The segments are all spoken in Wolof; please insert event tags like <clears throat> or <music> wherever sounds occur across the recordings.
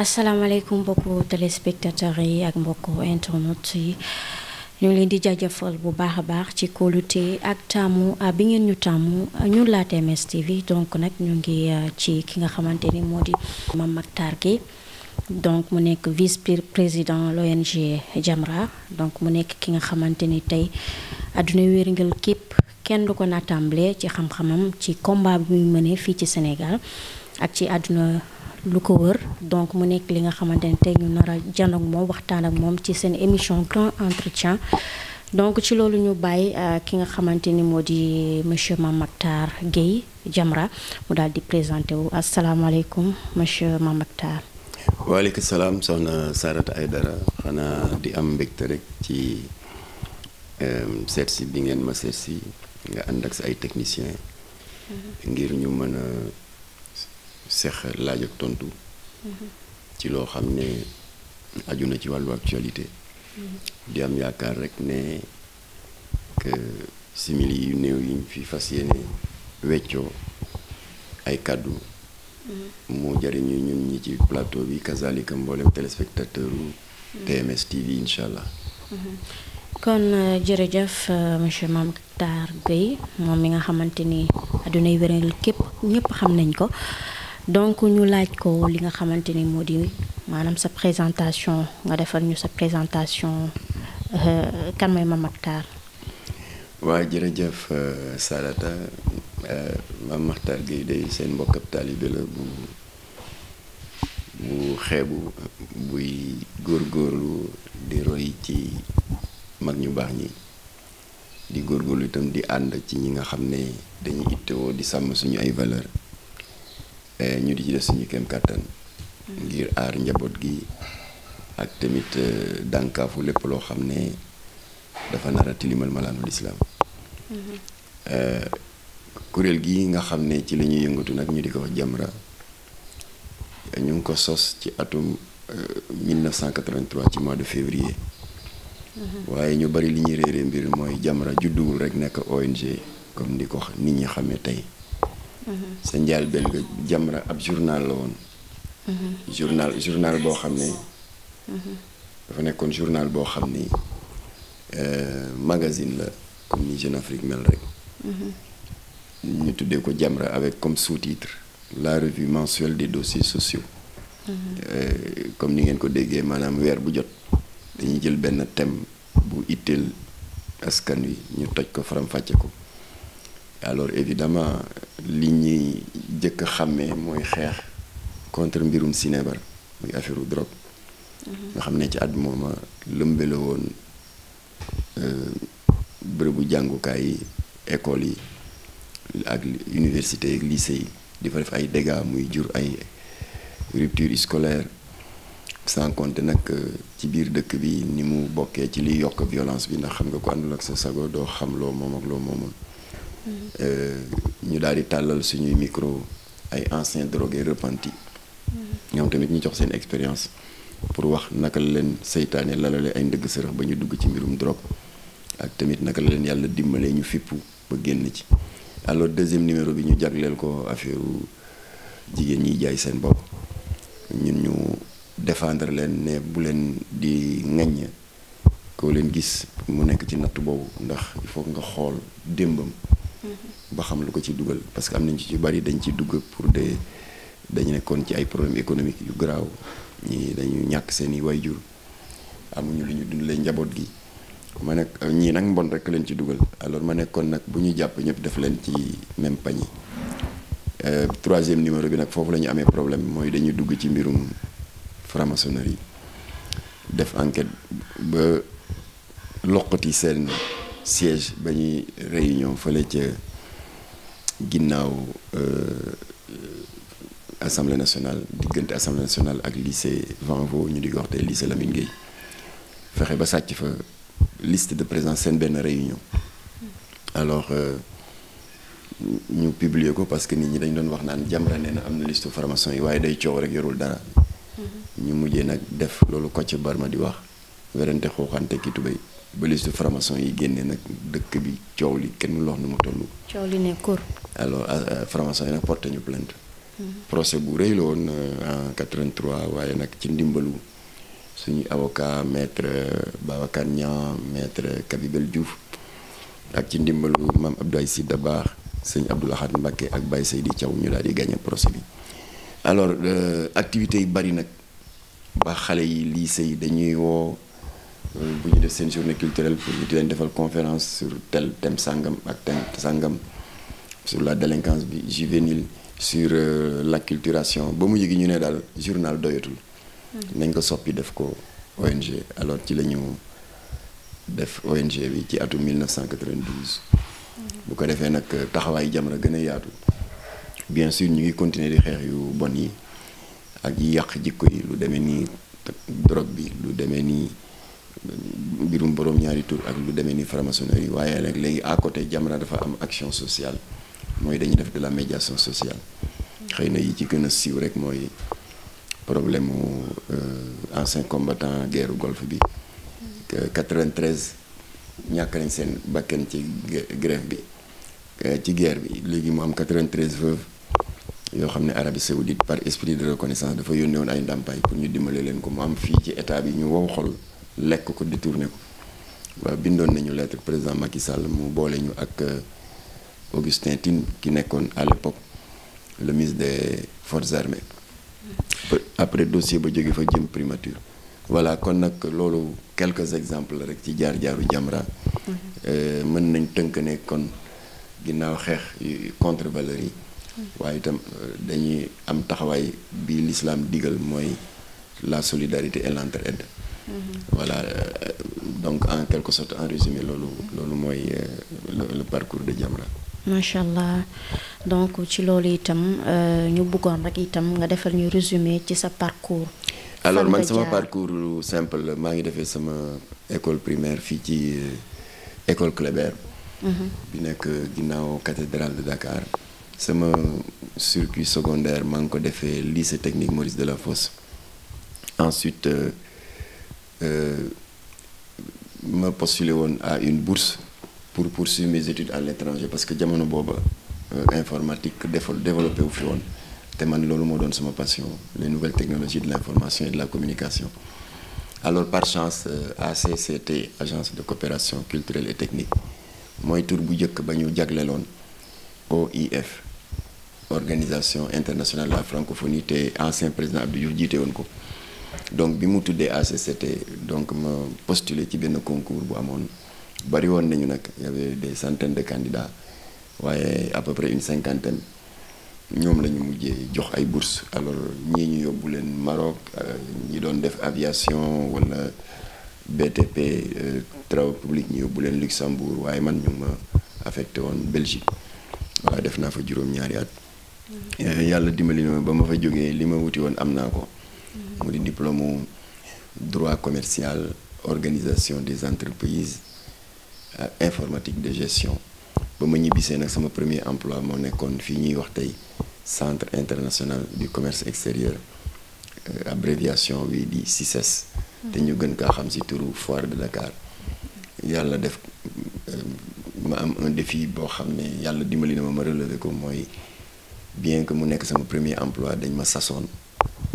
asalaamaaleykum mbokku téléspectateurs yi ak mbokk internautes yi ñu leen di jaajëfal bu baax a baax ci kóolute ak taamu ah, bi ngeen ñu tàmm ah, ñun la TMS TV donc nag ñu ngi ah, ci ki nga xamante ni moo di Mame Mactar Guèye donc mu nekk vice président l'ONG Jamra donc mu nekk ki nga xamante ni tey àdduna wérngal képp kenn du ko natamble ci xam-xamam ci combat bi muy mënee fii ci Sénégal ak ci àdduna. lu ko wër donc mu nekk li nga xamante ne tey ñu nar a moom waxtaan ak moom ci seen émission grand entretien donc ci loolu ñu bàyyi euh, ki nga xamante ni moo di monsieur Mame Mactar Guèye Jamra mu daal di présenté wu asalaamaaleykum monsieur Mame Mactar. waaleykum salaam soxna Sarata Aydara xanaa di am mbégte rek ci euh, seet si bi ngeen ma seet si nga ànd sa ay technicien mm-hmm. ngir ñu mën seq laaj ak tontu. ci loo xam ne aju na ci wàllu actualité. di am yaakaar rek ne simili yu néew yuñ fi fas yéene weccoo ay kàddu. mu jariñu ñun ñi ci plateau bi kazalika mboolem téléspectateur u TMS TV incha allah. kon euh, jërëjëf euh, monsieur Makhtar Gueye moom mi nga xamante ni àdduna yi wéral képp ñëpp xam nañ ko. donc ñu laaj ko li nga xamante ni moo di maanaam sa présentation nga defar ñu sa présentation euh, kan mooy Mame Mactar waaw jërëjëf euh, Sarata euh, Mame Mactar Gueye day seen mbokk ab taalibe la bu xeebu buy góorgóorlu di roy ci mag ñu baax ñi di góor góorlu itam di ànd ci ñi nga xam ne dañuy ittewoo di sàmm suñu ay valeur Eh, ñu di ci def suñu kéem kàttan mm. ngir aar njaboot gi ak tamit eh, dànkaafu lépp loo xam ne dafa nar a tilimal malaanul islaam mm-hmm. eh, kuréel gi nga xam ne ci la ñuy yëngatu nag ñu di ko wax Jamra ñu ngi ko sos ci atum 1983 ci mois de février mm-hmm. waaye ñu bari li ñuy réere mbir mooy Jamra judduwul rek nekk ONG comme ni ko nit ñi xamee tey Mm-hmm. sa njëlbéen nga Jamra ab journal la woon. Mm-hmm. journal journal boo xam ne. Mm-hmm. dafa nekkoon journal boo xam ni euh, magasin la comme ni Jeune Afrique mel rek. ñu tuddee ko Jamra avec comme sous-titre la revue mensuelle des dossiers sociaux. Euh, comme ni ngeen ko déggee maanaam weer bu jot dañuy jël benn thème bu itteel askan wi ñu toj ko faram-fàcce ko. alors évidemment li ñuy jëkk a xàmmee mooy xeex contre mbirum sinébar muy affaire drogue mhm. nga xam ne ci at mooma lëmbale woon euh, bërëbu jàngukaay yi yi ak université yi lycée yi di fa def ay dégâts muy jur ay rupture scolaire sans compter nag euh, ci biir dëkk bi ni mu bokkee ci liy yokk violence bi na xam nga ko àndul ak sa sago doo xam loo moom ak loo moomoon Euh, ñu daal di tàllal suñuy micro ay anciens drogués repentis ñoom tamit ñu jox seen expérience pour wax naka la leen seytaane lalale ay ndëgg sërëx ba ñu dugg ci mbirum drogue ak tamit naka la leen yàlla dimbalee ñu fippu ba génn ci alors deuxième numéro bi ñu jagleel ko affaire jigéen ñi jaay seen bopp ñun ñu défendre leen ne bu leen di ŋaññ koo leen gis mu nekk ci natt boobu ndax il faut nga xool démbam ba xam lu ko ci dugal parce que am nañ ci ci bari dañ ci dugg pour des dañu nekkoon ci ay problèmes économiques yu garaaw ñii dañu ñàkk seeni i wayjur amuñu lu ñu dundalee njaboot gi ma ne ñii nag mbon rek leen ci dugal alors ma nekkoon nag bu ñu jàpp ñëpp def leen ci même pañi euh, troisième numéro bi nag foofu la ñu amee problème mooy dañuy dugg ci mbirum franc-maçonnerie def enquête ba loqati seen siège ba ñuy réunion fële ca ginnaaw euh, assemblée nationale diggante assemblée nationale ak lycée Vanvo ñu di ko wax tey lycée Lamine Gueye fexe ba sàcc fa liste de présence seen benn réunion alors euh, ñu publier ko parce que nit ñi dañ doon wax naan Jamra nee na am na liste formation yi waaye day coow rek yorul dara mm-hmm. ñu mujjee nag def loolu Kocc Barma di wax werante xooxante ki tubéy ba liste yi génnee nag dëkk bi coow li kenn mënul nu mu toll. coow li ne kur. alors euh, euh, franc-maçon yi nag porté ñu plainte. Hmm. procès bu rëy la woon euh, en 83 waaye nag ci ndimbalu suñu avocat maître Babacar Niang maître Kabibel Diouf ak ci ndimbalu maam Abdoulaye Sy baax sëñ Abdou Lahad Mbacké ak Baye Seydi caw ñu daal di gagné procès bi. alors activités yi bari nag ba xale yi lycée yi dañuy woo. bu ñu def seen journée culturelle pour ñu leen defal conférence sur tel thème sangam ak thème sangam sur la délinquance bi juvénile sur euh, la culturation ba mu yëgi ñu ne daal journal doyatul mm-hmm. nañ ko soppi def ko ONG alors ci la ñu def ONG bi ci atum 1992 mm-hmm. bu ko defee nag euh, taxawaay Jamra gën a yaatu bien sûr ñu ngi continuer di xeex yu bon yi ak yi yàq jikko yi lu demee nii drogue bi lu demee nii mbirum borom ñaari tur ak lu demee ni franc-maçonnerie yi waaye nag léegi à côté Jamra dafa am action sociale mooy dañuy def de la médiation sociale xëy na yi ci gën a siiw rek mooy problème mu euh, ancien combattant guerre golf bi 93 ñàkk nañ seen bakkan ci grève bi euh, ci guerre bi léegi mu am 93 veuves yoo xam ne Arabie Saoudite par esprit de reconnaissance dafa yónnee woon ay ndàmpaay pour ñu dimbale leen ko mu am fii ci état bi ñu wow xol lekk ko détourné ko waaw bindoon nañu lettre président Macky Sall mu boole ñu ak euh, Augustin Tine ki nekkoon à l'époque le ministre des forces armées après dossier ba jóge fa jëm primature voilà kon nag loolu quelques exemples rek ci jaar-jaaru Jamra mhm. euh, mën nañ tënk ne kon ginnaaw xeex contre valeurs yi mhm. waaye itam euh, dañuy am taxawaay bi l'islam digal mooy la solidarité et l'entraide voilà euh, donc en quelque sorte en résumé loolu loolu mooy euh, le parcours de Jamra macha allah donc ci loolu itam euh, ñu bëggoon rek itam nga defal ñu résumé ci sa parcours. alors man sama parcours lu simple maa ngi defee sama école primaire fii ci école Kléber. Mhm. bi nekk ginnaaw cathédrale de Dakar. sama circuit secondaire maa ngi ko defee lycée technique de la Delafosse ensuite. Euh, Euh, ma postulé woon a une bourse pour poursuivre mes études à l'étranger parce que jamono booba euh, informatique defal développé wu fi woon te man loolu moo doon sama passion les nouvelles technologies de l'information et de la communication alors par chance euh, ACCT agence de coopération culturelle et technique mooy tur bu njëkk ba ñu jagleloon OIF organisation internationale la francophonie te ancien président Abdou Diouf jiite woon ko donc bi mu tuddee HCCT donc ma postuler ci benn concours bu amoon bari woon nañu nag y avait des centaines de candidats waaye à peu près une cinquantaine ñoom lañu ñu mujjee jox ay bourses alors ñii ñu yóbbu leen Maroc euh, ñu doon def aviation wala BTP euh, travaux publics ñu yóbbu leen Luxembourg waaye man ñu ma affecté woon Belgique waaw def naa fa juróom-ñaari at. Mm. yàlla dimali na ba ma fa jógee li ma wuti woon am naa ko. mu di diplôme droit commercial organisation des entreprises euh, informatique de gestion ba ma ñibbisee nag sama premier emploi moo nekkoon fii ñuy wax tey centre international du commerce extérieur euh, abréviation bi di CICES. E mm. te ñu gën kaa xam si turu foire de Dakar yàlla def euh, ma am un défi boo xam ne yàlla dimbali na ma ma relever ko mooy bien que mu nekk sama premier emploi dañ ma sasoon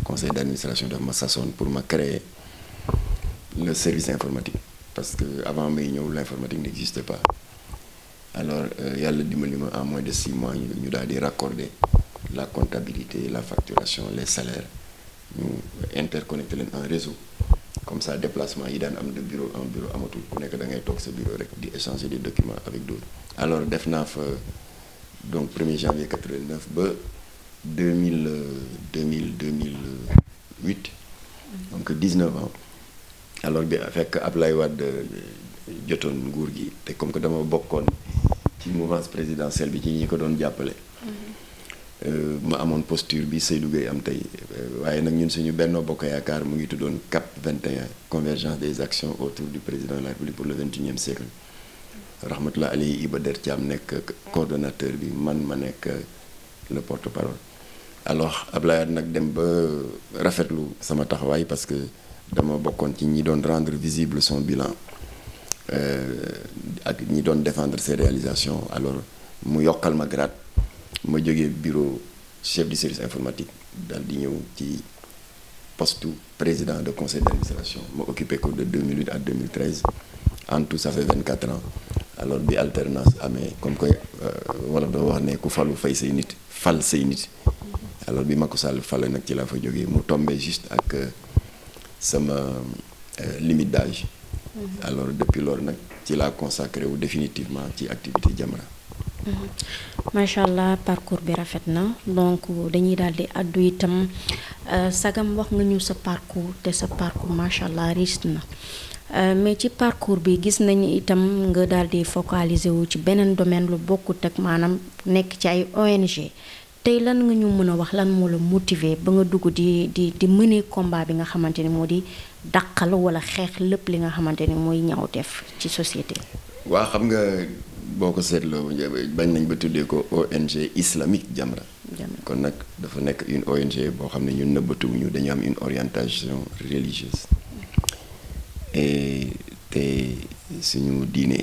conseil d'administration daf ma sasoon pour ma créer le service informatique parce que avant may ñëw l'informatique n'existait pas alors euh, yàlla dimbali ma en moins de six mois ñu daal di raccorder la comptabilité la facturation les salaires ñu interconnecté leen en réseau comme ça déplacement yi daan am de bureau en bureau amatul ku nekk da ngay toog sa bureau rek di échanger des documents avec d'autres alors def naa fa donc 1 janvier ba deux mille euh, deux mille deux mille huit donc dix neuf ans alors bi fekk Ablaye Wade euh, jotoon nguur gi te comme que dama bokkoon ci mouvance présidentielle bi ci ñi ko doon jàppale. Mm-hmm. Euh, ma amoon posture bi Seydou Gueye am tey waaye nag ñun suñu Benno Bokk Yaakaar mu ngi tuddoon CAP 21 convergence des actions autour du président de la République pour le 21e siècle mm-hmm. Rahmatullah Alihi Iba Der am nekk coordonnateur bi man ma nekk le porte-parole. alors Ablaye nag dem ba rafetlu sama taxawaay parce que dama bokkoon ci ñi doon rendre visible son bilan euh, ak ñi doon défendre ses réalisations alors mu yokkal ma grade ma jógee bureau chef du service informatique daal di ñëw ci poste président de conseil d'administration ma occupé ko de 2008 à 2013 en tout ça fait 24 alors bi alternance amee comme koy euh, wala dafa wax ne ku falu fay say nit fal say nit alors bi Macky Sall fal nag ci laa fa jógee mu tombé juste ak euh, sama euh, limite d'âge mm-hmm. alors depuis loolu nag ci laa consacré wu définitivement ci activité Jamra mm-hmm. macha allah parcours bi rafet na donc dañuy daal di àddu itam euh, sagam wax nga ñu sa parcours te sa parcours macha allah riche na Euh, mais ci parcours bi gis nañu itam nga daal di focaliser wu ci beneen domaine lu bokkut ak maanaam nekk ci ay ONG tey lan nga ñu mën a wax lan moo la motiver ba nga dugg di di di mëne combat bi nga xamante ni moo di dàqal wala xeex lépp li nga xamante ni mooy ñaawteef ci société. waa xam nga boo ko seetloo bañ nañ ba tuddee ko ONG islamique Jamra. kon nag dafa nekk une ONG boo xam ne ñun ñu dañu am une orientation religieuse. E, te suñu diine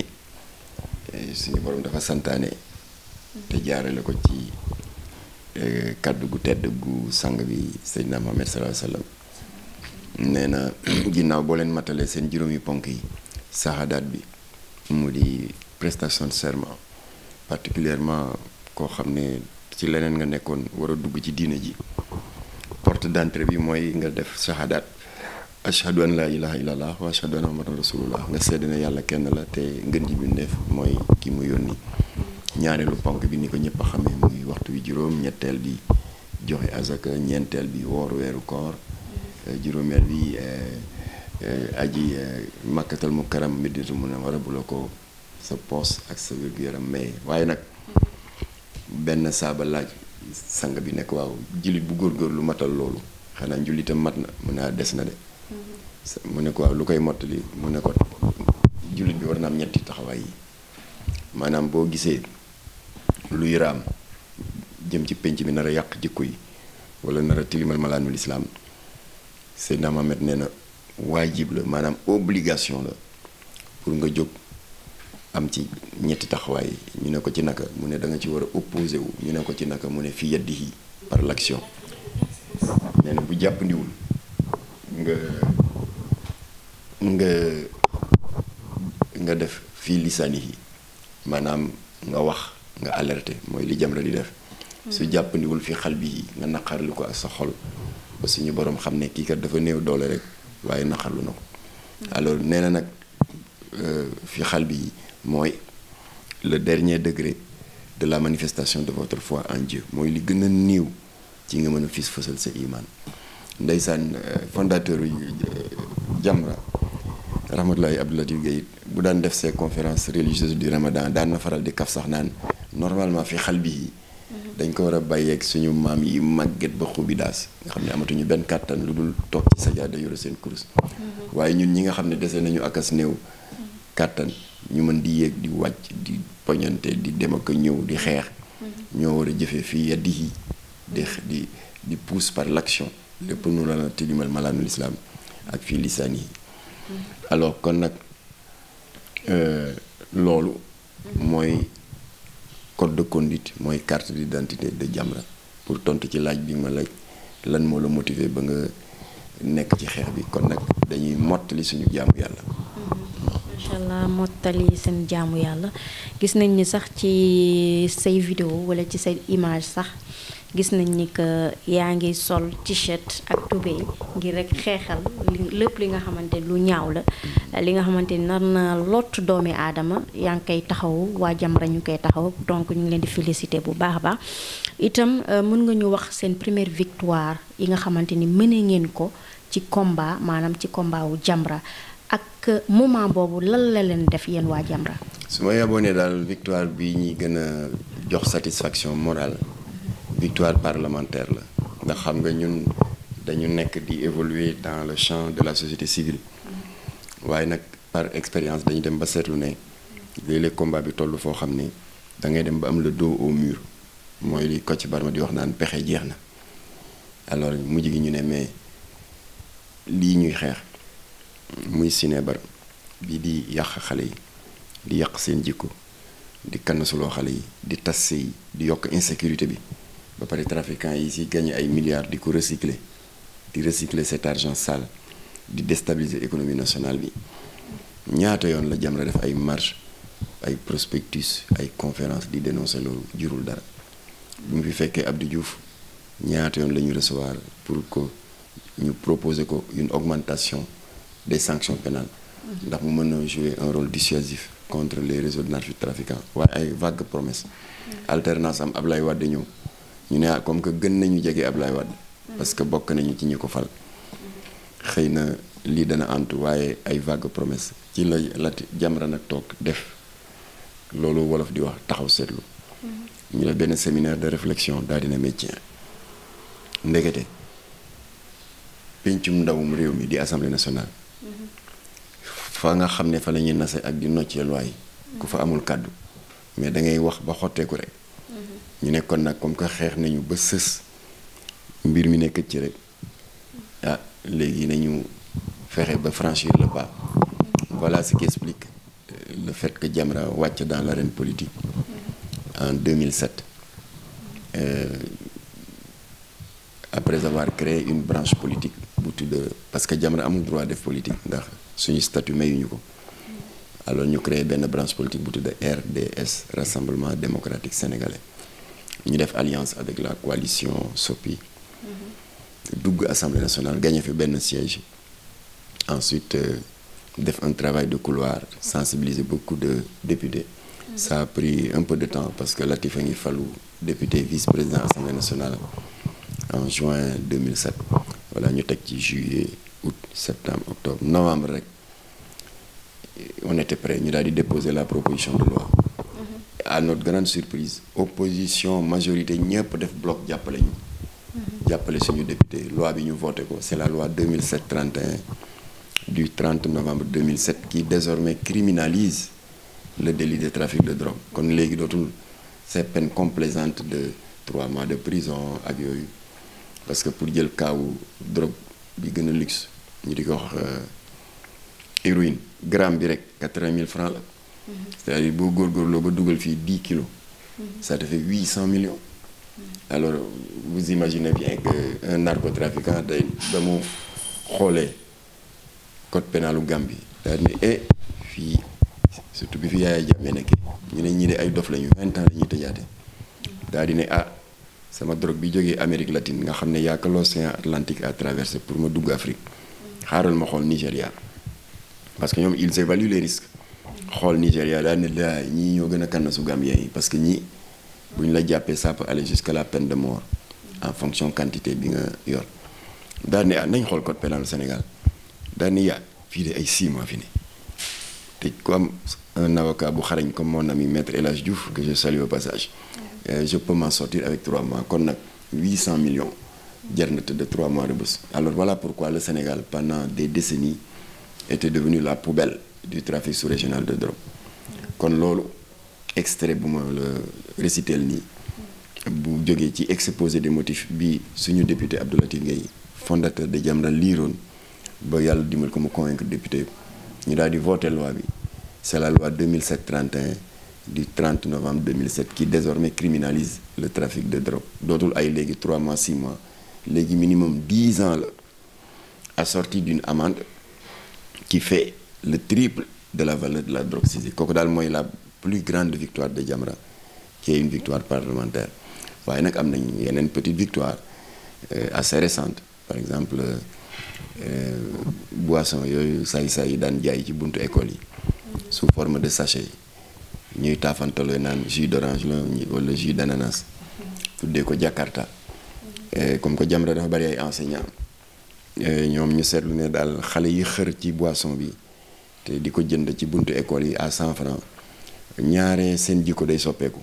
e, suñu borom dafa santaane te jaarale ko ci e, kàddu gu tedd gu sang bi Seydina Muhammad sallallahu alayhi wasallam nee na <clears throat> ginnaaw boo leen matalee seen juróomi ponk yi saxaadaat bi mu di prestation de serment particulièrement koo xam ne ci leneen nga nekkoon war a dugg ci diine ji porte d'entrée bi mooy nga def saxaadaat ashhadu an laa ilaha illallah wa a anna muhammadan rasulullah nga seede ne yàlla kenn la te ngën ji bi ndeef mooy ki mu yónni ñaareelu ponk bi ni ko ñëpp a xamee muy waxtu bi juróom ñetteel bi joxe azaka ñeenteel bi woor weeru koor eh, juróomeel bi eh, eh, aji makkatal mu karam medinatu mu ne wara bu la ko sa poos ak sa wér-gu-yaram maye waaye nag benn saaba laaj sang bi nekk waaw jullit bu lu matal loolu xanaa njullitam mat na mën naa ah, des na de mu ne ko waaw lu koy mottali mu ne ko jullit bi war na am ñetti taxawaay yi maanaam boo gisee luy raam jëm ci penc bi nar a yàq jikko yi wala nar a tilimal malaanul islaam Seydina Mohamed nee na waajib la maanaam obligation la pour nga jóg am ci ñetti taxawaay ñu ne ko ci naka mu ne danga nga ci war a opposé wu ñu ne ko ci naka mu ne fi yaddihi par l'action nee bu jàppandiwul nga nga def fii lisaanihi maanaam nga wax nga alerte mooy li jamra di def hmm. su jàppandiwul fi xal bi nga naqarlu ko ak sa xol ba suñu borom xam ne kii kat dafa néew doole rek waaye naqarlu na ko hmm. alors nee na nag euh, fi xal bi mooy le dernier degré de la manifestation de votre fois en Dieu mooy li gën a néew ci nga mën a fis fësal sa iman ndeysaan euh, fondateur yi euh, Jamra rahmatulahi Abdou Latif Guèye bu daan def ses conférences religieuses du Ramadan daan na faral di kaf sax naan normalement fi xal bi mhm. dañ ko war a bàyyeeg suñu maam yi màgget ba xubi nga xam ne amatuñu benn kàttan lu dul toog ci sajaada yore seen kurus mhm. waaye ñun ñi nga xam ne dese nañu akas néew mhm. kàttan ñu mën di yéeg di wàcc di poñante di dem ak ñëw di xeex ñoo war a jëfee fii yaddi yi di di pousse par l'action lépp nu la na tilimal malaanul islaam ak fii lisaan yi alors kon nag euh, loolu mooy code de conduite mooy carte d'identité de Jamra pour tontu ci laaj bi ma laaj lan moo la motiver ba nga nekk ci xeex bi kon nag dañuy mottali suñu jaamu yàlla macha allah mottali seen jaamu yàlla gis nañ ni sax ci say video wala ci say image sax gis nañ ni que yaa ngi sol t-shirt ak tubéy ngir rek xeexal li lépp li nga xamante lu ñaaw la mm-hmm. li nga xamante ni nar na lott doomi aadama yaa ngi koy taxaw waa Jamra ñu koy taxaw donc ñu ngi leen di féliciter bu baax a itam euh, mën nga ñu wax seen première victoire yi nga xamante ni mëne ngeen ko ci combat maanaam ci combat wu Jamra ak euh, moment boobu lan la leen def yéen waa Jamra su ma yeboo ne daal victoire bi ñuy gën a jox satisfaction morale victoire parlementaire la nga xam nga ñun dañu nekk di évoluer dans le champ de la société civile waaye nag par expérience dañu dem ba seetlu ne léeg-léeg bi toll foo xam ne dangay dem ba am le dos au mur mooy li Kocc Barma di wax naan pexe jeex na alors mujj gi ñu ne mais lii ñuy xeex muy sinébar bi di yàq xale yi di yàq seen jikko di kanasuloo xale yi di tas yi di yokk insécurité bi ba pare trafiquants yi si gagné ay milliards di ko recycler di recycler cet argent sale di déstabiliser économie nationale bi ñaata yoon la Jamra def ay marche ay prospectus ay conférence di dénoncer loolu jurul dara bu mu fi fekkee di Diouf ñaata yoon la ñu recevoir pour ko ñu proposer ko une augmentation des sanctions pénales ndax mu mën na jouer un rôle dissuasif contre les réseaux de narcotrafiquants waaye ay vague promesse mm. alternance am Ablaye Wade ñëw ñu ne ah, comme que gën nañu jege Ablaye Wade parce que bokk nañu ci ñu ko fal xëy na lii dana antu waaye ay vague promesse ci la lati Jamra nag toog def loolu wolof di wax taxaw seetlu ñu def benn séminaire de réflexion daal dina métier ndekete pencum ndawum réew mi di assemblée nationale fa nga xam ne fa la ñuy nase ak di noccee loi ku fa amul kàddu mais da ngay wax ba xotteeku rek ñu nekkoon nag comme que xeex nañu ba sës mbir mi nekk ci rek ah léegi nañu fexe ba franchir le pas voilà ce qui explique euh, le fait que Jamra wàcc dans l'arène politique en deux 2007 euh, après avoir créé une branche politique bu tudd parce que Jamra amul droit def politique ndax suñu statut mayuñu ko. alors ñu créé benn branche politique bu tudd RDS Rassemblement démocratique sénégalais ñu def alliance avec la coalition Sopi mhm. dugg assemblée nationale gagné fi benn siège ensuite euh, def un travail de couloir sensibiliser beaucoup de députés mhm. ça a pris un peu de temps parce que Latifa ngi falu député vice-président assemblée nationale en juin 2007 voilà ñu teg ci juillet août septembre octobre novembre rek on était prêt ñu daal di déposer la proposition de loi mm-hmm. à notre grande surprise opposition majorité ñëpp def bloc jàppale ñu mm-hmm. jàppale suñu député loi bi ñu voté ko c'est la loi 2007 31 du 30 novembre 2007 qui désormais criminalise le délit de trafic de drogue kon léegi dootul c'est peine complaisante de trois mois de prison ak yooyu parce que pour jël kaawu drogue bi gën a luxe ñu di ko wax euh, héroïne gramme bi rek quatre mille francs la. c'est-à-dire boo góorgóorloo ba dugal fii dix kilo ça te fait cent millions. alors vous imaginez bien que un narcotrafiquant day ba mu xoolee code pénalu Gambie daal ni eh, bi fi Yaya Jammeh nekkee ñu ne ñii de ay dof lañu vingt ans la ñuy tëjaate di ne ah sama drogue bi jógee Amérique latine nga xam ne yaa ko l'océan Atlantique à traverser pour ma dugg Afrique xaaral ma xool Nigéria. parce que ñoom ils évaluent les risques xool Nigéria daal la ñii ñoo gën a kànn su Gambien yi parce que ñii bu ñu la jàppee ça peut aller jusqu'à la pen de mort en fonction quantité bi nga yor daal ne ah, nañ xool code pénal Sénégal daal ne yaa fii de ay six mois fi ne te ku am un avocat bu xarañ comme mon ami maître El Hadj Diouf que je euh, nag huit cent millions jar na tëdd trois mois de alors voilà pourquoi le Sénégal pendant des décennies était devenue la poubelle du trafic sous-régional de drogue kon loolu extrait bu ma la récitel nii bu jógee ci exposé de motifs bi suñu député Abdou Latif Gueye fondateur de Jamra liiroon ba yàlla dimbal ko mu convaincre député ñu daal di voté loi bi c'est la loi 2007 31 du 30 novembre 2007 qui désormais criminalise le trafic de drogue dootul ay léegi 3 mois 6 mois léegi minimum 10 ans la assorti d'une amende qui fait le triple de la valeur de la drogue saisie kooku daal mooy la plus grande victoire de Jamra qui est une victoire parlementaire waaye nag am nañu yeneen petite victoire euh, assez récente par exemple euh, euh, boisson yooyu saay-saay yi daan jaay ci buntu école yi sous forme de sachet yi ñuy taafantaloo naan jus d'orange la wala jus d'ananas tuddee ko Jakarta comme que Jamra dafa bari ay enseignants Euh, ñoom ñu seetlu ne daal xale yi xër ci boisson bi te di ko jënd ci buntu école yi à cent francs ñaare seen jikko day soppeeku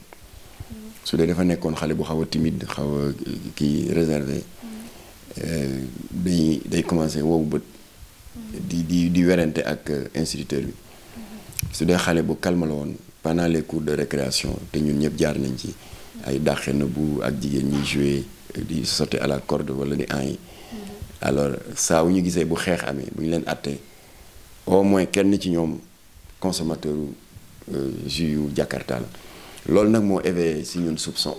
su dee dafa nekkoon xale bu xaw a timide xaw a kii réservé euh, day day commencé wow bët di di di werante ak instituteur bi su dee xale bu calme la woon pendant cours de récréation te ñun ñëpp jaar nañ ci ay dàqe na bu ak jigéen ñi jouer di sauter à la corde walla di an yi alors saa wu ñu gisee bu xeex amee bu leen àttee au moins kenn ci ñoom consommateur euh, jus yu Jakarta la loolu nag moo éveillé si ñun soupçon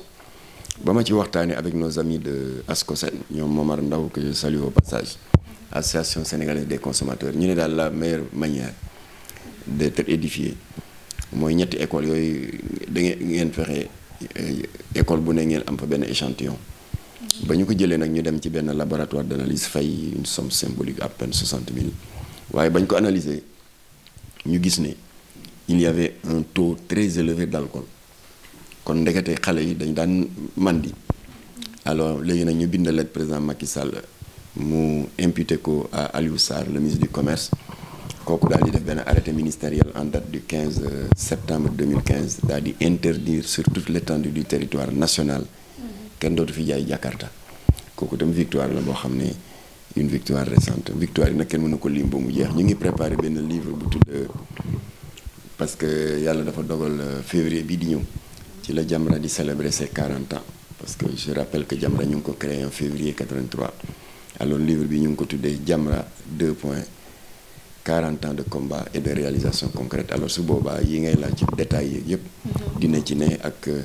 ba ma ci waxtaanee avec nos amis de ASCOSEN ñoom Momar Ndaw que je salue au passage association sénégalaise des consommateurs ñu ne daal la meilleure manière d'être édifié mooy ñetti école yooyu da ngeen fexe euh, école bu ne ngeen am fa benn échantillon ba ñu ko jëlee nag ñu dem ci benn laboratoire d' analyse fay une somme symbolique à peine soixante waaye ba ñu ko analyser ñu gis ni il y avait un taux très élevé d' alcool kon ndekete xale yi dañu daan màndi alors léegi nag ñu bind lettre président Macky Sall mu imputé ko à Aliou Sarr le du commerce kooku daal di def benn arrêté ministériel en date du 15 euh, septembre 2015 daal di interdire surtout toute l' étendue du territoire national. kenn dootu fi jaay Jakarta kooku tam victoire la boo xam ne une victoire récente victoire yi nag kenn mënu ko lim ba mu jeex ñu ngi préparé benn livre bu tudd parce que yàlla dafa dogal euh, février bii di ñëw ci la Jamra di célébrer ses 40 ans parce que je rappelle que Jamra ñu ngi ko créé en février 83 alors livre bi ñu ngi ko tuddee Jamra 2 points quarante ans de combat et de réalisation concrète alors su boobaa yi ngay laaj ci détails yëpp mhm. dina ci ne ak. Euh,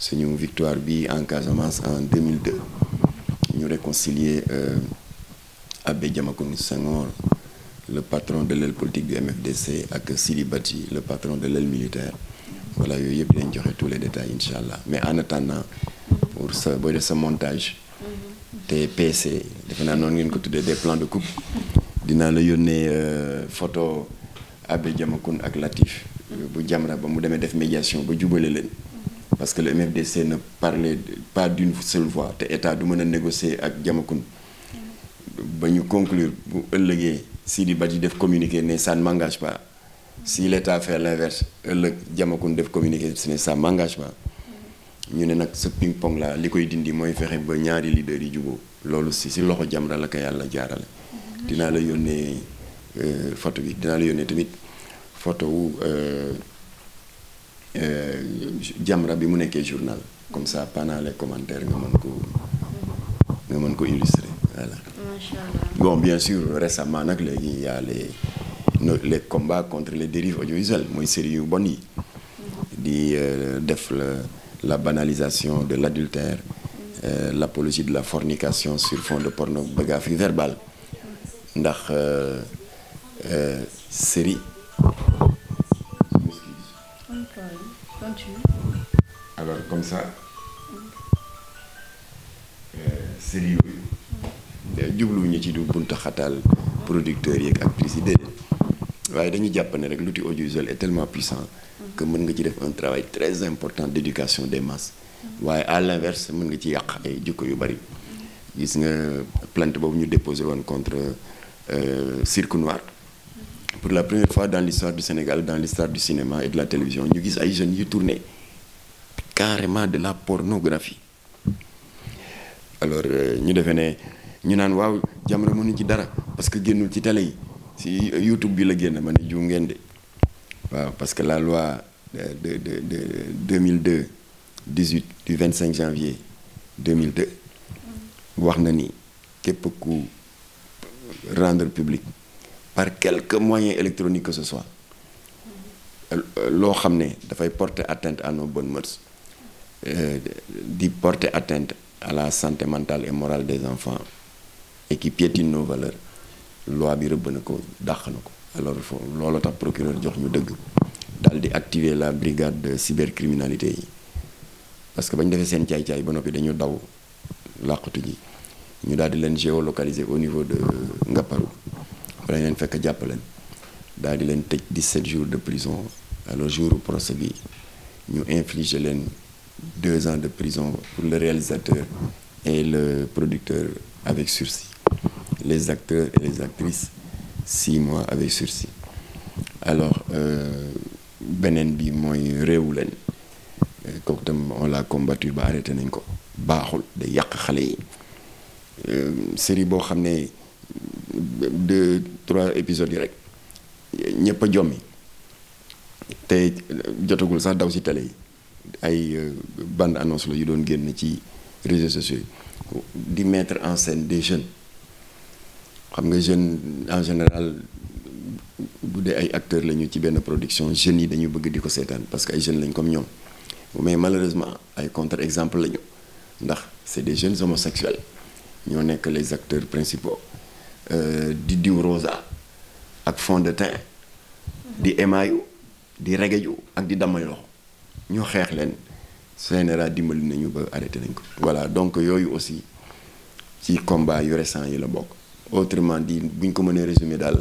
suñu victoire bi en Casamance en 2002 ñu réconcilier euh, Abbé Diamacoune Senghor le patron de l'aile politique du MFDC ak Sidi Badji le patron de l'aile militaire voilà yooyu yëpp dinañ joxe tous les détails incha allah mais en attendant pour sa booy def sa montage mhm. te PC defe naa noonu ngeen ko tuddee des plans de coupe dinaa la yónnee euh, photo Abbé Diamacoune ak Latif mhm. bu Jamra ba mu demee def médiation ba jubalee leen parce que le MFDC ne parlait pas d'une seule voix te état du mën a négocier ak Diamacoune ba ñu conclure bu ëllëgee Sidi Badji def communiqué ne ça ne m'engage pas si l' état fait l' inverse ëllëg Diamacoune def communiqué ne ça ne m'engage pas ñu ne nag ce ping pong la li koy dindi mooy fexe ba ñaari leaders yi juboo loolu si si loxo Jamra la ko yàlla jaarale. dinaa la yónnee euh, photo bi dinaa la yónnee tamit photo wu. Euh, Euh, Jamra bi mu nekkee journal comme ça pendant les commentaires nga man ko nga mën ko illustrer voilà. bon bien sûr récemment nag léegi y a les les combats contre les dérives audiovisuelles mooy série yu bon yi. di euh, def la banalisation de l'adultère euh, l'apologie de la fornication sur fond de pornographie verbale ndax euh, série. tu veux. alors comme ça. Euh, série yooyu. jubluwuñu ci du buntu xataal producteurs yeeg actrices yi déedéet waaye dañu jàpp ne rek l'outil audiovisuel est tellement puissant. que mën nga ci def un travail très important d'éducation des masses. waaye à l'inverse mën nga ci yàq ay jikko yu bari. gis nga plainte boobu ñu déposé woon contre euh, Cirque Noir. pour la première fois dans l'histoire du Sénégal dans l'histoire du cinéma et de la télévision ñu gis ay jeunes yu tourné carrément de la pornographie alors euh, ñu defe ne ñu naan waaw Jamra mënu ci dara parce que génnul ci télé yi si YouTube bi la génn ma ne ju ngeen de waaw parce que la loi de de de 2002 18 du 25 janvier 2002 wax na ni képp ku rendre public par quelque moyen électronique que ce soit euh, euh, loo xam ne dafay porter atteinte à nos bonnes mœurs euh, di porter atteinte à la santé mentale et morale des enfants et qui piétine nos valeurs loi bi rëbb na ko dàq na ko alors loolu tax procureur jox ñu dëgg dal di activer la brigade de cybercriminalité yi parce que ba ñu defee seen caay-caay ba noppi dañu daw làqatu ji ñu daal di leen géolocaliser au niveau de Ngaparou fa lañ leen fekk jàpp daal di leen tëj 17 jours de prison alors jour procès bi ñu infliger leen deux ans de prison pour le réalisateur et le producteur avec sursis les acteurs et les actrices six mois avec sursis alors euh, beneen bi mooy réewu leen euh, kooku tam on l'a combattu ba arrêté nañ ko baaxul day yàq xale yi euh, série boo xam ne deux trois épisodes yi rek ñëpp a jommi te jotagul sax daw si télé yi ay euh, bande annonce la yu doon génn ci réseaux sociaux yi di mettre en scène des jeunes xam nga jeune en général bu dee ay acteurs lañu ci benn production jeunes yi dañu bëgg di ko seetaan parce que ay jeunes lañ comme ñoom mais malheureusement ay contre exemple lañu ndax c'est des jeunes homosexuels ñoo nekk les acteurs principaux Euh, di diw rosa ak fond de teint di émaayu di regeju ak di damay loxo ñoo xeex leen CNRA dimbali nañu ba arrêté nañ ko voilà donc yooyu aussi ci combat yu récent yi la bokk autrement dit bu ñu ko mënee résumé daal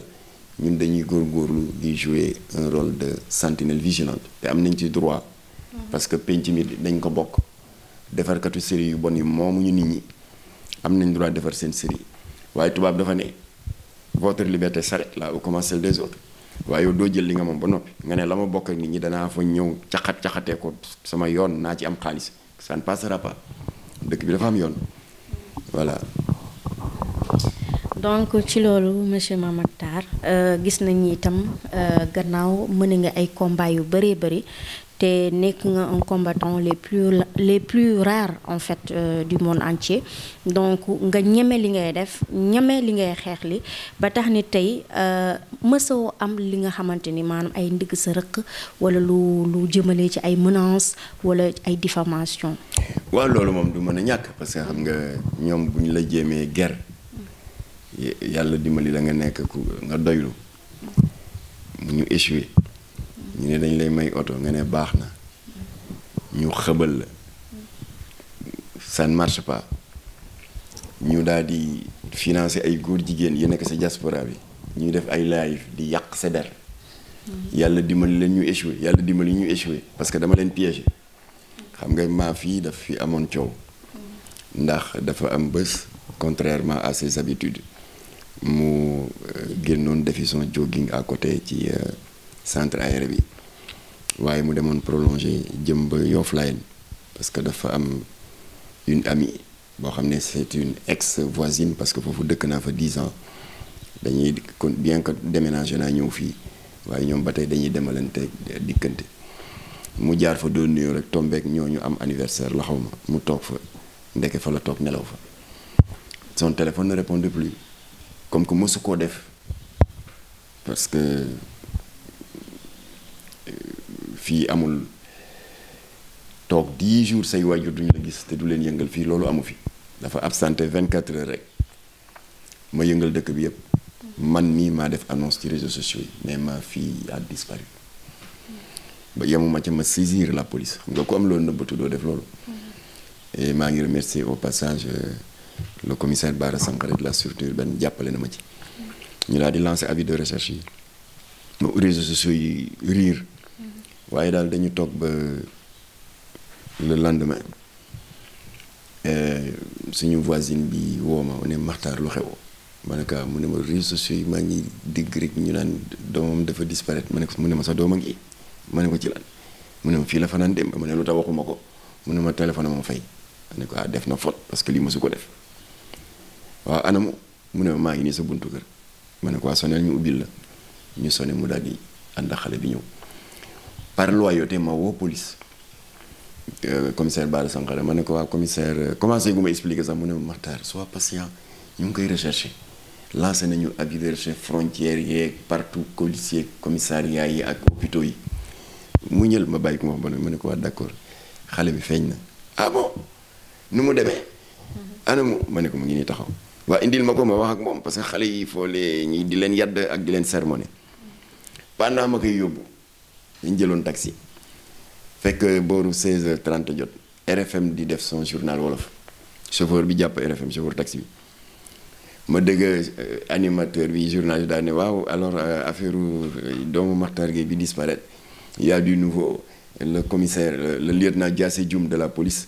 ñun dañuy góorgóorlu di jouer un rôle de sentinelle vigilante te am nañ ci droit parce que penc mi dañ ko bokk defarkatu série yu bon yi moomuñu nit ñi am nañ droit defar seen série waaye tubaab dafa ne votre liberté s'arrête là où commence celle des autres waaye doo jël li nga moom ba noppi nga ne la ma bokk ak ñi danaa fa ñëw caxat caxatee ko sama yoon naa ci am xaalis ça ne passera pas dëkk bi dafa am yoon voilà. donc ci loolu monsieur Mame Makhtar euh, gis nañ itam euh, gannaaw mën nga ay combat yu bëree bëri te nekk nga un combattant les plus les plus rares en fait euh, du monde entier donc nga ñeme li ngay def ñeme li ngay xeex li ba tax ni tey euh, mësoo am li nga xamante ni maanaam ay ndigg sa rëq wala lu lu jëmale ci ay menaces wala ay diffamation waaw loolu moom du mën a ñàkk parce que xam nga ñoom bu ñu la jéemee guerre yàlla dimbali la nga nekk ku nga doylu ñu échoué ñu ne dañ lay may oto nga ne baax na ñu xëbal la ça ne marche pas ñu daal di financer ay góor jigéen yu nekk sa diaspora bi ñuy def ay live di yàq sa der yàlla dimbali leen ñu échoué yàlla dimbali ñu échoué parce que dama leen piégé xam nga maa fii daf fi amoon coow ndax dafa am bés contrairement à ses habitudes mu euh, génnoon defi son jogging à côté ci euh, centre aéré bi waaye mu demoon prolongé jëm ba Yoff Layène parce que dafa am une amie boo xam ne c'est une ex voisine parce que foofu dëkk naa fa dix ans dañuy kon bien que déménagé naa ñëw fii waaye ñoom ba tey dañuy demalante dikkante mu jaar fa doon nuyoo rek tombeek ñu am anniversaire la xaw ma mu toog fa ndeke fa la toog nelaw fa son téléphone ne répondait plus comme que mësu koo def parce que fii amul toog 10 jours say waajur duñu la gis te du leen yëngal fii loolu amu fi dafa vingt quatre heures rek ma yëngal dëkk bi yëpp man mii maa def annonce ci réseaux sociaux yi mais ma fille a disparu ba yemuma ca ma saisir la police xam nga ku am loolu nëbbatu doo def loolu maa ngi remercier au passage euh, le commissaire Bara Sankaré de la sûreté urbaine jàppale na ma ci ñu laa di lancer avis de recherche yi ma réseaux sociaux yi riir waaye daal dañu toog ba lendement lendemain euh, suñu voisine bi woo ma ne Maxtaar lu xew ma ne ko mu ne ma réseaux sociaux yi maa ngi digg rek ñu naan doomam dafa disparaître ma ne ko mu ne ma sa doom a ngi ma ne ko ci lan mu ne ma fii la fanaan dem ma ne lu tax waxuma ko mu ne ma téléphone ma fay ma ne ko ah def na faute parce que lii ma su ko def waaw anamu mu ne ma maa ngi nii sa buntu kër ma ne ko waa soneel ñu ubbil la ñu sone mu daal di ànd xale bi ñëw. par loyauté ma woo police euh, commissaire Bara Sankhare ma ne ko waa commissaire euh, commencé gu ma expliquer sax mu ne Makhtar sois patient ñu ngi koy recherché lancé nañu avis de recherche frontières yeeg partout policier commissariat yi ak hôpitaux yi mu ñël ma bàyyi ko ma ba ne ko waa xale bi feeñ na ah bon nu mu demee anamu ma ne ko mu ngi nii taxaw waa indil ma ko ma wax ak moom parce que xale yi foo lee di leen yadd ak di leen sermonné pendant ma koy yóbbu dañ jëloon taxi fekk booru 16 h jot RFM di def son journal wolof chauffeur bi jàpp RFM chauffeur taxi bi ma dëgg euh, animateur bi journaliste daal waaw alors euh, affaire euh, doomu Makhtar Gueye bi disparaître il y a du nouveau le commissaire le lieutenant Diassé Dioum de la police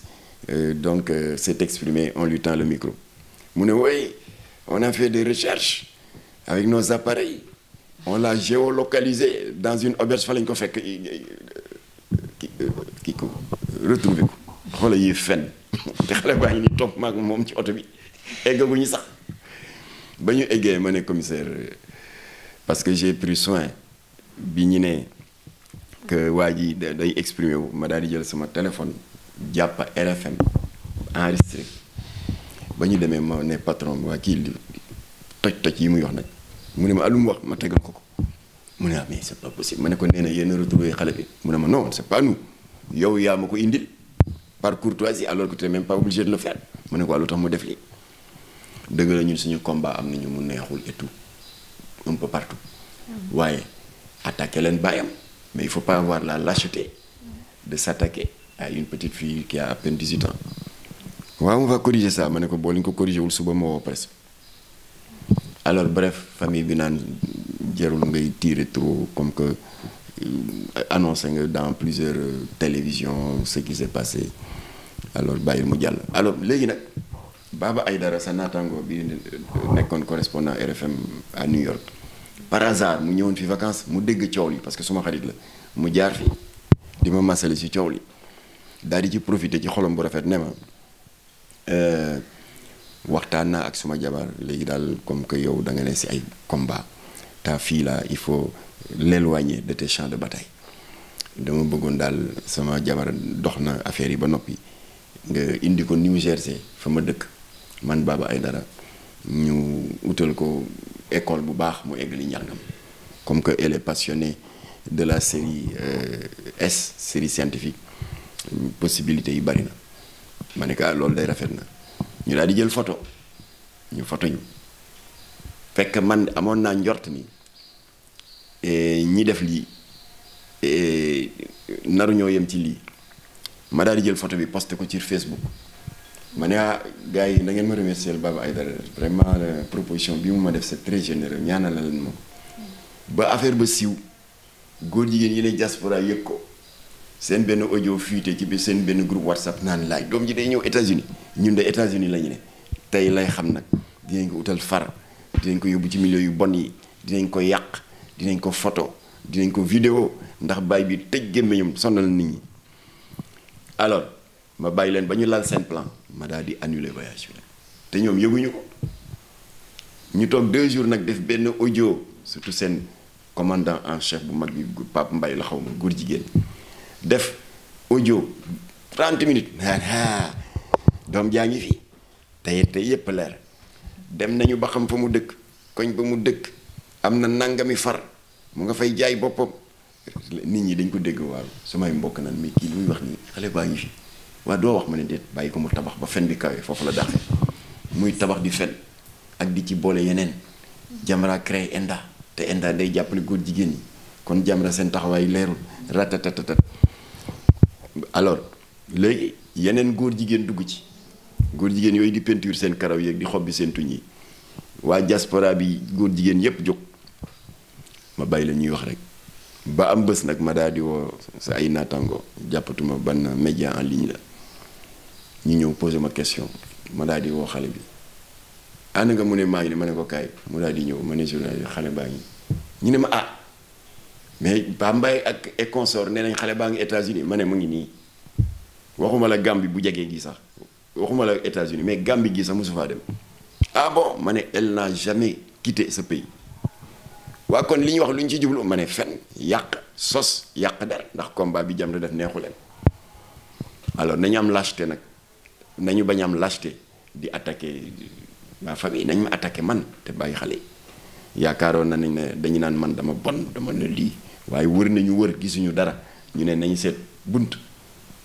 donc s'est exprimé en lui tend le micro mu ne oui on a fait des recherches avec nos appareils on l'a géolocalisé dans une auberge fa lañ ko fekk kii ko retrouvé ko xoola yi fen <laughs> te xale baa ngi ni topp maag moom ci oto bi eggaguñu sax ba ñu eggee ma ne commissaire parce que j'ai pris soin bi ñu ne que waa ji day exprimer wu ma daal di jël sama téléphone jàpp RFM enregistré ba ñu demee ma ne patron waa kii toj toj yi mu yox nañ mu ne ma alum ah, wax ma tegal ko ko mu ne ah mais c'est pas possible ma ne ko nee na yéen a retrouvé xale bi mu ne ma non c'est pas nous yow yaa ma ko indil par courtoisie alors que tu n'es même pas obligé de le faire ne ko ah, lu tax mu def lii dëgg la suñu combat am nañu mu neexul et tout mm. waaye attaqué leen bàyyam mais il faut pas la lâcheté de s'attaquer à une petite fille qui a à peine 18 ans mm. waaw corriger ça ma ne ko boo leen ko corrigé wul suba ma woo presque alors bref famille bi naan jarul ngay tiire trop comme que euh, annoncé nga dans plusieurs euh, télévisions ce qui s'est passé alors bàyyil mu jàll alors léegi nag ay dara sa naataango bi euh, nekkoon correspondant RFM à New York par hasard mu ñëwoon fi vacance mu dégg coow li parce que suma xarit la mu jaar fi di ma masale si coow li daal di ci profité ci xolom bu rafet ne ma waxtaan naa ak suma jabar léegi daal comme que yow da nga ne si ay combat ta fii la il faut l'éloigner de tes champs de bataille dama bëggoon daal sama jabar dox na affaire yi ba noppi nga indi ko New Jersey fa ma dëkk man Baba dara ñu utal ko école bu baax mu egg li njàngam comme que elle est passionnée de la série euh, S série scientifique possibilité yi bari na ma ne ah, loolu day rafet na ñu daal di jël photo ñu photo ñu fekk man amoon naa njort ni eh, ñi def lii eh, naru ñoo yem ci lii ma daal jël photo bi posté ko ci Facebook ma ne ah gars yi na ngeen ma remercier Baba Aïdara vraiment la proposition bi mu ma def c'est très généreux ñaanal leen ma ba affaire ba siiw góor jigéen yi ne diaspora yëg ko seen benn audio fuité ci bi seen benn groupe WhatsApp naan laaj doom ji day ñëw États-Unis ñun de États-Unis la ne tey lay xam nag dinañ ko utal far dinañ ko yóbbu ci milieu yu bon yi dinañ ko yàq dinañ ko photo dinañ ko vidéo ndax baay bi tëj gémmiñam sonal nit ñi alors ma bàyyi leen ba ñu laal seen plan ma daal di annuler voyage bi te ñoom yëguñu ko ñu toog deux jours nag def benn audio surtout seen commandant en chef bu mag bi Pape Mbaye la xaw ma góor jigéen def audio 30 minutes. <laughs> Ah, ah. doom jaa ngi fi tey tey yépp leer dem nañu ba xam fa mu dëkk koñ ba mu dëkk am na nangami far mu nga fay jaay boppam nit ñi dañ ko dégg waaw samay mbokk naan mais kii li muy wax nii xale baa ngi fi waaye doo wax ma ne déet bàyyi ko mu tabax ba fen bi kawee foofu la daxee muy tabax di fen ak di ci boole yeneen Jamra créé Enda te Enda day jàppale góor jigéen ñi kon Jamra seen taxawaayu leerul ratatatatat alors léegi yeneen góor jigéen dugg ci góor jigéen yooyu di peinture seen karaw yeeg di xob bi seen tuñ yi waa diaspora bi góor jigéen yépp jóg ma bàyyi la ñuy wax rek ba am bës nag ma daal di woo sa ay naataango jàppatuma ban média en ligne la ñu ñëw posé ma question ma daal di woo xale bi ànd nga mu ne maa ngi ma ne ko kaay mu daal di ñëw ma ne journaliste xale baa ngi ñu ne ma ah mais ba Mbaye ak et consort nee nañ xale baa ngi États-Unis ma ne mu ngi nii waxuma la Gambie bu jegee gi sax waxuma la États-Unis mais Gambie gi sax mosu faa dem ah bon ma ne elle n'a jamais quitté ce waa kon li ñuy wax lu ñu ci jublu ma ne fen yàq sos yàq der ndax combat bi jam te def neexu leen alors nañu am lâcheté nag nañu bañ am lâcheté di attaqué ma famille nañ ma attaqué man te bàyyi xale yi yaakaaroon na nañ ne dañu naan man dama bon dama ne lii waaye wër nañu wër gisuñu dara ñu ne nañu seet bunt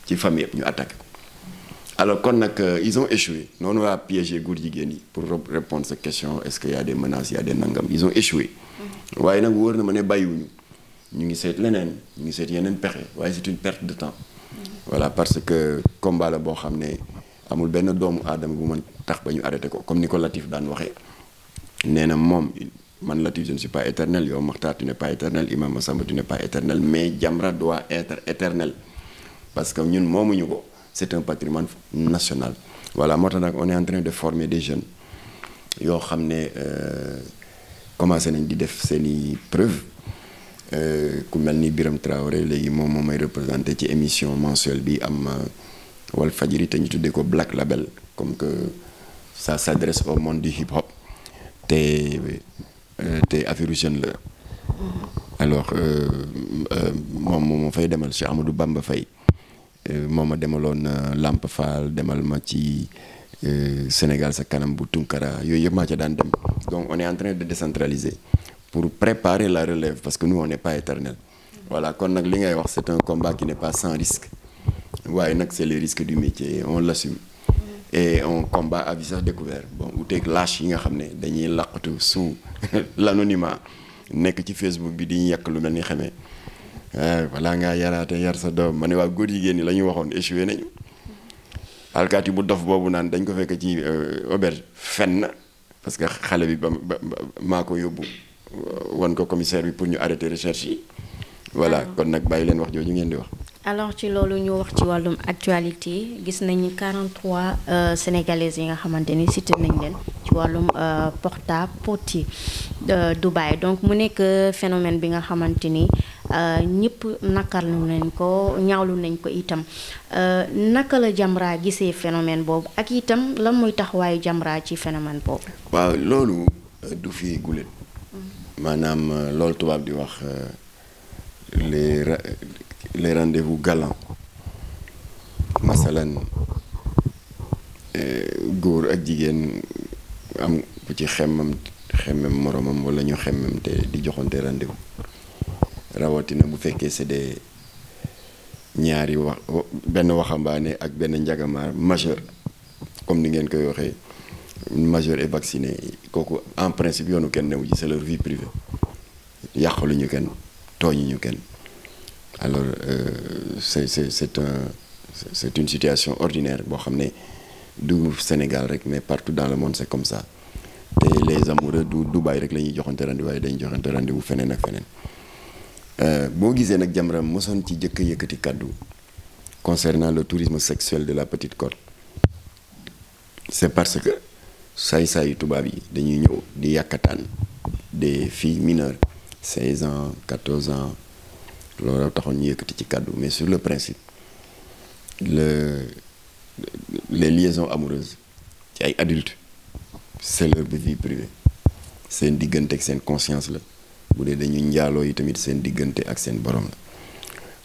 ci famille yëpp ñu attaqué ko alors kon nag euh, ils ont échoué noonu laa piégé góor jigéen yi pour répondre sa question est-ce qu'il y a des menaces il a des nangam ils ont échoué mm-hmm. waaye nag wóor na ma ne bàyyiwuñu ñu ngi seet leneen ñu ngi seet yeneen pexe waaye c'est une perte de temps mm-hmm. voilà parce que combat la boo xam ne amul benn doomu aadama bu man tax ba ñu arrêté ko comme ni ko Latif daan waxee nee na moom man Latif je ne suis pas éternel yow Makhtar tu n'es pas éternel Imam Massamba tu n'es pas mais Jamra doit être éternel parce que ñun moomuñu ko c'est un patrimoine national voilà moo tax nag on est en de former des jeunes yoo xam ne euh, commencé nañ di def seen i preuve euh, ku mel ni Biram Traoré léegi moom moo may représenté ci émission mensuelle bi am euh, Walfadjri te ñu tuddee ko Black Label comme que ça s'adresse au monde du hip hop te te affaire jeune la mm-hmm. alors moom moo fay demal Cheikh Amadou Bamba Faye Euh, moom ma demaloon euh, Lamp Fall demal ma ci euh, Sénégal sa kanam bu Tunkara yooyu yëpp maa ca daan dem donc on est en train de décentraliser pour préparer la relève parce que nous on n'est pas éternel voilà kon nag li ngay wax c'est un combat qui n'est pas sans risque waaye nag c'est les risques du métier on l'assume et on combat à visage découvert bon uteeg lâche yi nga xam ne dañuy laqatu sous <laughs> l'anonymat nekk ci Facebook bi di yàq lu mel ni xamee Eh, balaa ngaa yaraate yar sa doom ma ne waa góor jigéen ñi la ñu waxoon échoué nañu alkaati bu dof boobu naan dañ ko fekk ci eh, auberge fenn parce que xale bi ba maa ko yóbbu eh, wan ko commissaire bi pour ñu arrêter recherche yi voilà ah. kon nag bàyyi leen wax jooju ngeen di wax alors ci loolu ñu wax ci wàllum actualité gis nañu 43 euh, sénégalaises yi nga xamante ni cité nañ leen ci wàllum euh, porta-potty euh, Dubaï donc mu nekk phénomène bi nga xamante ni Euh, ñëpp nakarlu nañ ko ñaawlu nañ ko itam euh, naka la Jamra gisee phénomène boobu ak itam lan mooy taxawaayu Jamra ci phénomène boobu. waaw loolu euh, du fi gulet. Mm-hmm. maanaam loolu tubaab di wax les les rendez-vous galants masalan góor ak jigéen am ku ci xemmam xemmem moromam walla ñu xemmem te di joxante rendez rawatina bu fekkee c'est de ñaari wax benn waxambaane ak benn njagamaar majeur comme ni ngeen koy waxee majeur et vacciné kooku en principe yoonu kenn newu ji c'est leur vie privée ñu kenn tooñuñu kenn alors euh, c'est c'est c'est un c'est une situation ordinaire boo xam ne du Sénégal rek mais partout dans le monde c'est comme ça te les amoureux du Dubaï rek la ñuy joxante rendez-vous waaye dañuy joxante rendez-vous feneen ak feneen Euh, boo gisee nag Jamra mosoon ci jëkk yëkkati kàddu concernant le tourisme sexuel de la Petite Côte c'est parce que saay-saayu tubaab yi dañuy ñëw di yàkkataan des filles mineures 16 ans 14 ans loolu taxoon ñu yëkkati ci kàddu mais sur le principe le les liaisons amoureuses ci ay adultes c'est bi vie privée seen diggante ak seen conscience la bu dee dañuy njaaloo yi tamit seen diggante ak seen borom la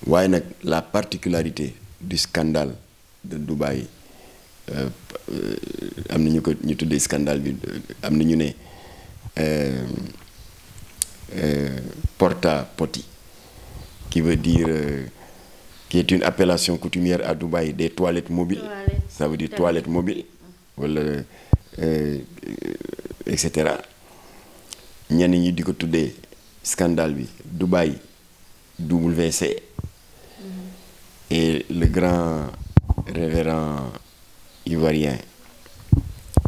waaye nag la particularité du scandale du Dubaï euh, am na ñu ko ñu tuddee scandale bi euh, am na ñu ne euh, porta potty qui veut dire euh, qui est une appellation coutumière à Dubaï des toilettes mobiles Toilette. ça veut dire toilette mobile mm-hmm. wala voilà, euh, et cetera ñenn ñi di ko tuddee scandale bi Dubaï WC et le grand révérend ivoirien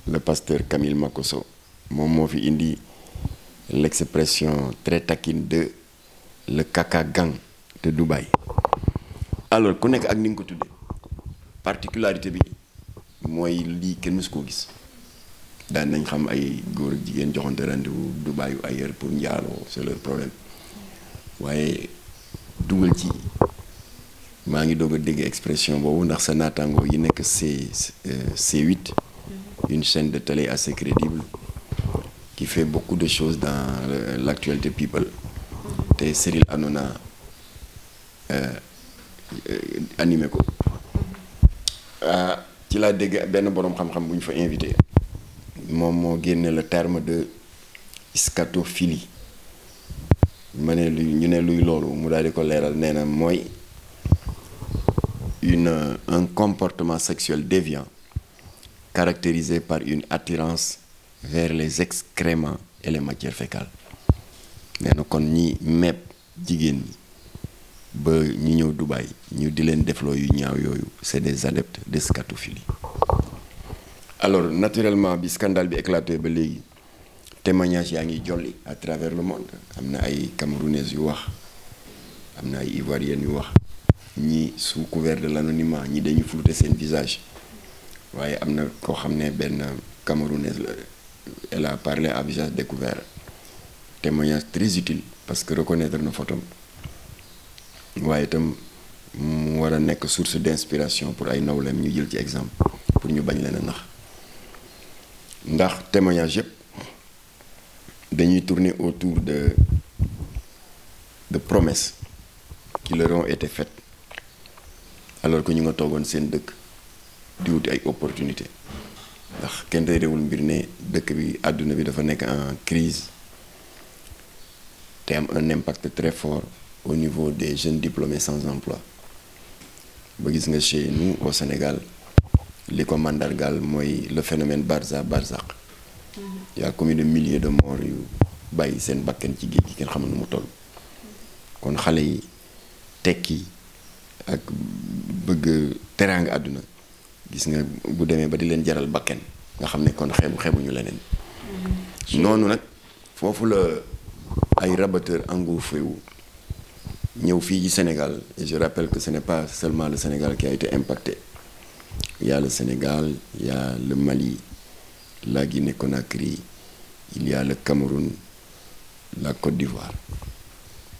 le pasteur Camille Makosso moom moo fi indi l'expression très taquine de le caca gang de Dubaï alors ku nekk ak ni ko tuddee particularité bi mooy lii kenn mësu koo gis daan nañ xam ay góor ak jigéen joxante rendez-vous du bàyyi ailleurs pour njaaloo c'est leur problème waaye dugal ci maa ngi doog a dégg expression boobu ndax sa naataango yi nekk C C8 euh, une chaîne de télé assez crédible qui fait beaucoup de chose dans l'actualité people te Cyril Hanouna euh, euh, animé ko ah, ci laa dégg benn boroom xam-xam bu ñu fa invité moom moo génne le terme de scatophilie ma ne luy ñu ne luy loolu mu daal di ko leeral nee na mooy une un comportement sexuel déviant caractérisé par une attirance vers les excréments et les matières fécales nee na kon ñi mepp jigéen ba ñu ñëw Dubaï ñu di leen defloo yu ñaaw yooyu c'est des adeptes de scatophilie alors naturellement bi scandale bi éclaté ba léegi témoignage yaa ngi jolli à travers le monde am na ay camerounais yu wax am na ay ivoiriennes yu wax ñi sous couvert de l'anonymat ñi dañu flouter seen visage waaye am na koo xam ne benn camerounaise la parler a parlé à visage découvert témoignage très utile parce que reconnaître na photom waaye itam mu war a nekk source d'inspiration pour ay nawleem ñu jël ci exemple pour ñu bañ leen a nax ndax témoignage yëpp dañuy tourner autour de de promesses qui leur ont été faites alors que ñu nga toogoon seen dëkk di wuti ay opportunités ndax kenn réerewul mbir ne dëkk bi àdduna bi dafa nekk en crise te am un impact très fort au niveau des jeunes diplômés sans emploi ba gis nga chez nous au Sénégal li ko màndargaal mooy le phénomène Barza Barzak y a combien de milliers de morts yu bàyyi seen bakkan ci géej gi kenn xamul nu mu toll kon xale yi tekki ak bëgg teraanga àdduna gis nga bu demee ba di leen jaral bakkan nga xam ne kon xeebu xeebuñu leneen mm-hmm. noonu nag foofu la ay rabatteur engouffré wu ñëw fii ci Sénégal et je rappelle que ce pas seulement le Sénégal qui a été impacté Il y a Sénégal, il Mali, la Guinée-Conakry, il y a le Cameroun, la Côte d'Ivoire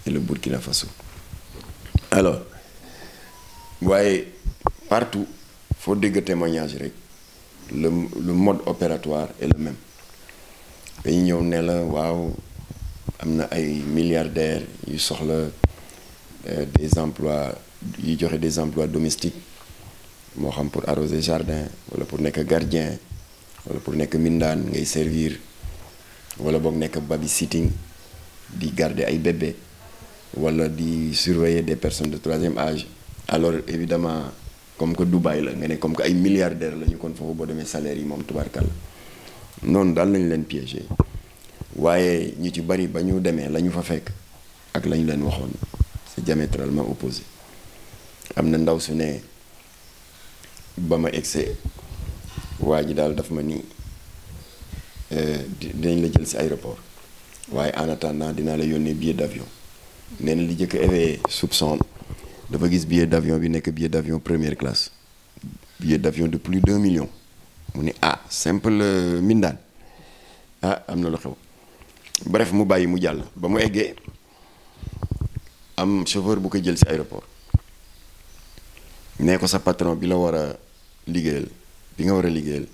et Burkina Faso. Alors, waaye partout foo dégg témoignage rek le le mode opératoire est le même ñëw ne la waaw am na ay milliardaires yu soxla euh, des emplois yu joxe des emplois domestiques moo xam pour arrosé jardin wala pour nekk gardien wala pour nekk mindaan ngay servir wala boog nekk baby sitting di garde ay bébé wala di surveiller des personnes de troisième âge alors évidemment comme que Dubaï la nga ne comme que ay milliardaires la ñu kon foofu boo demee salaire yi moom kal noonu daal lañu leen piégé waaye ñu ci bari ba ñu demee la ñu fa fekk ak lañu leen waxoon c'est diamétralement opposé am na ndaw su ne ba ma egsee waa ji daal dafa ma ni eh, dinañ la jël si aéroport waaye en attendant dinaa la yónnee billet d'avion nee na li jëkk éveillé soupçon dafa gis billet d'avion bi nekk billet d'avion première classe billet d'avion de plus d'un million mu ni ah simple euh, mindaan ah am na lu xew bref mu bàyyi mu jàll ba mu eggee am chauffeur bu ko jël si aéroport nee ko sa patron bi la war liggéeyal bi nga war a liggéeyal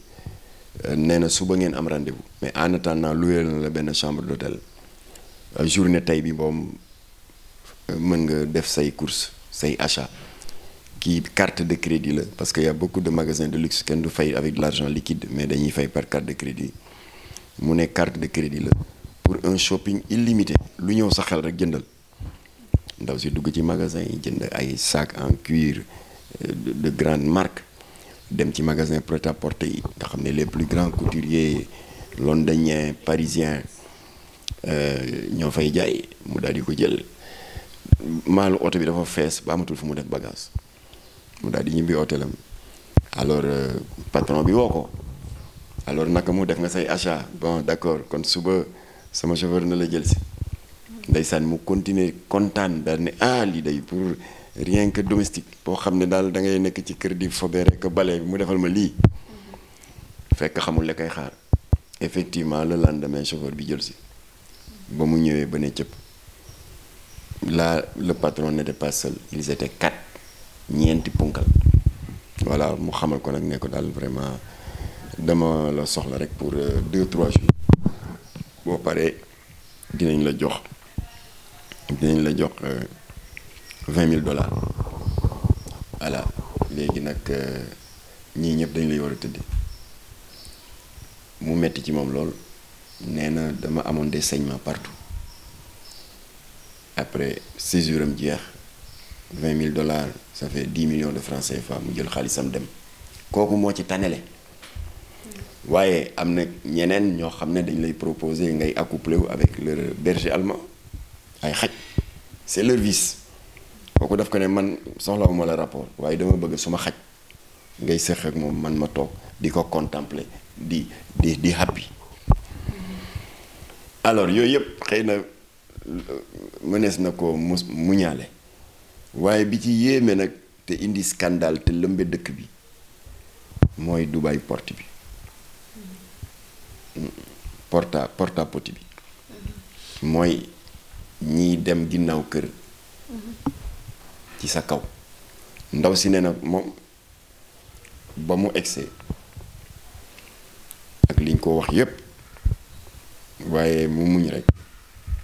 euh, nee na suba ngeen am rendez-vous mais en attendant luyeel na la benn chambre d'hôtel euh, journée tey bi moom euh, mën nga def say course say achat kii carte de crédit la parce que y a beaucoup de magasin de luxe kenn du fay avec de l'argent liquide mais dañuy fay par carte de crédit mu ne carte de crédit la pour un shopping illimité lu ñëw sa xel rek jëndal ndaw si dugg ci magasin yi jënd ay sac en cuir de, grande marque dem ci magasin prêt-à-porter yi nga xam ne les plus grands couturiers londoniens parisiens euh, ñoo fay jaay mu daal di ko jël maalu oto bi dafa fees ba amatul fu mu def bagage mu daal di ñibbi hôtelam alors euh, patron bi woo ko alors naka moo def nga say achat bon d'accord kon suba sama chauffeur na la jël si ndeysaan mu continuer kontaan daal ne ah lii day pour rien que domestique boo xam ne daal dangay nekk ci kër di fobe rek bale mu defal ma lii fekk xamul la kay xaar effectivement le lendemain chauffeur bi jël si ba mu ñëwee ba ne cëpp là le patron n'était pas seul ils étaient quatre ñeenti punkal voilà mu xamal ko nag ne daal vraiment dama la soxla rek pour euh, deux trois jours boo paree dinañ la jox dinañ la jox. Euh, vingt mille dollars voilà léegi nag euh, ñii ñëpp dañ lay war a tëdd mu metti ci moom lool nee na dama amoon de saignements partout après césure am jeex vingt mille dollars ça fait dix millions de francs CFA mu jël xaalisam dem kooku moo ci tanele waaye am na ñeneen ñoo xam ne dañ lay proposer ngay accoupler wu avec leur berger allemand ay xaj c'est leur vice kooku daf ko ne man soxlawuma la rapport waaye dama bëgg suma xaj ngay seq ak moom man ma toog di ko contempler di di di happy alors yooyu yëpp xëy na euh, mënees na ko mu muñaale waaye bi ci yéeme nag te indi scandale te lëmbe dëkk bi mooy Dubaay port bi mm-hmm. porta porta poti bi mm-hmm. mooy ñiy dem ginnaaw kër mm-hmm. ci sa kaw ndaw si nee na moom ba mu egsee ak liñ ko wax yépp waaye mu muñ rek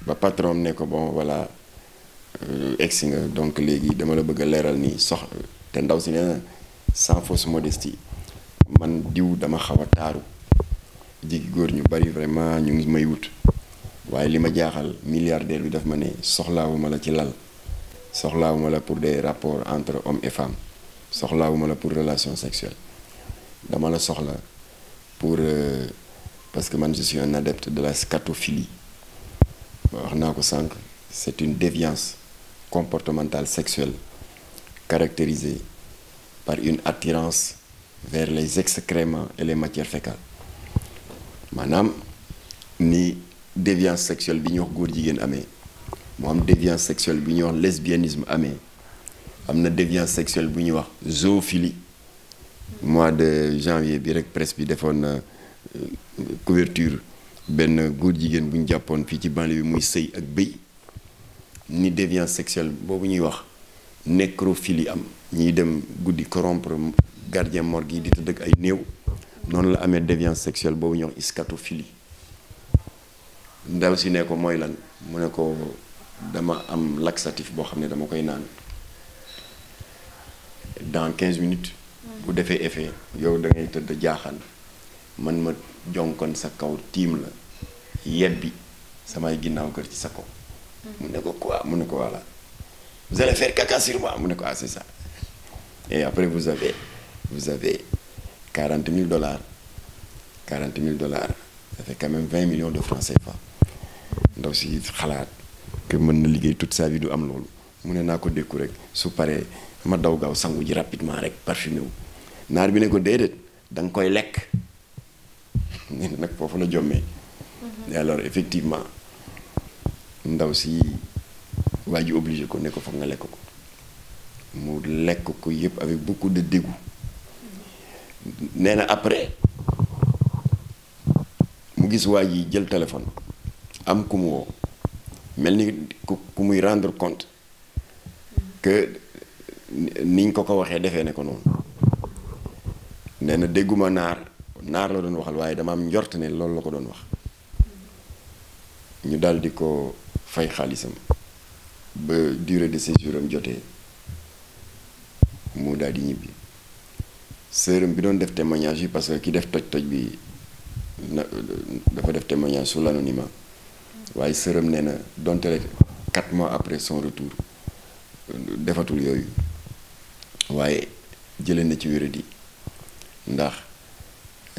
ba patron ne ko bon voilà euh, egsi nga donc léegi dama la bëgg a leeral nii sox te ndaw si nee na sans fausse modestie man diw dama xaw a taaru jigi góor ñu bari vraiment ñu ngi may wut waaye li ma jaaxal milliardaire bi daf ma ne soxlaawuma la ci lal soxlaawuma la pour des rapports entre hommes et femmes soxlaawuma la pour relation sexuelle dama la soxla pour euh, parce que man je suis un adepte de la scatophilie wax naa ko sànq c'est une déviance comportementale sexuelle caractérisée par une attirance vers les excréments et les matières fécales maanaam ni déviance sexuelle bi ñu wax góor jigéen amee mu am déviance sexuelle bu ñuy wax lesbianisme amee am na déviance sexuelle bu ñuy wax zoophilie mois de janvier bi rek presse bi defoon na euh, couverture benn góor jigéen buñ jàppoon fii ci banlieue bi muy sëy ak bëy ni déviance sexuelle boobu ñuy wax nécrophilie am ñuy dem guddi corrompre gardien morgue yi di tëdd ak ay néew noonu la amee déviance sexuelle boobu ñuy wax scatophilie ndaw si ne ko mooy lan mu ne ko dama am laxatif boo xam ne dama koy naan dans quinze minutes. bu defee effet yow da ngay tëdd jaaxaan man ma jonkon sa kaw tiim la yebbi samay ginnaaw kër ci sa kaw. Mm-hmm. mu ne ko quoi mu ne ko voilà vous allez ne ko ah c'est après vous quarante mille dollars quarante mille dollars ça fait quand même vingt millions de francs CFA ndaw si xalaat. que mën na liggéey toute sa vie du am loolu mu ne naa ko dékku rek su paree ma daw gaaw sangu ji rapidement rek parfumé wu naar bi ne ko déedéet da nga koy lekk nee nag foofu la jommee mhm. et effectivement ndaw si waa ji obligé ko ne ko foog nga lekk ko mu lekk ko yépp avec beaucoup de dégoût mhm. nee na après mu gis waa ji jël téléphone am ku mu woo mel ni ku ku muy rendre compte que niñ ko ko waxee defee ne ko noonu nee na dégguma naar naar la doon waxal waaye dama am njort ne loolu la ko doon wax ñu daldi ko fay xaalisam ba durée de séjour am jotee mu daldi ñibbi sëram bi doon def témoignage yi parce que ki def toj toj bi na dafa def témoignage sous l'anonymat waaye sërëm nee na donte quatre mois après son retour euh, defatul yooyu waaye jëlee na ci wéradi ndax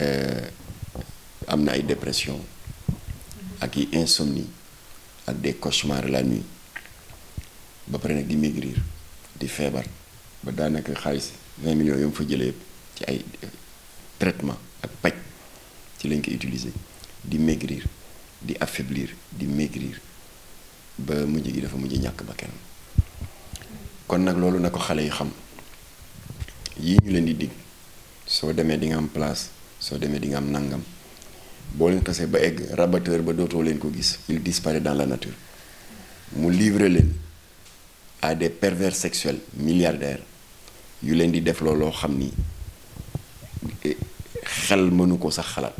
euh, am na ay dépression ak i insomnie ak des cauchemars la nuit ba pare nag di maigrir di feebar ba daanaka xaalis vingt millions yom fa jëlee yëpp ci ay euh, traitement ak paj ci lañ koy utiliser di maigrir di affaiblir di maigrir ba mujj gi dafa mujj ñàkk ba kenn kon nag loolu na ko xale yi xam yii ñu leen di dig soo demee di nga am place soo demee di nga am nangam boo leen xasee ba egg rabateur ba dootoo leen ko gis il disparaît dans la nature mu livrer leen à des pervers sexuels milliardaires yu leen di def looloo xam ni eh, xel mënu ko sax xalaat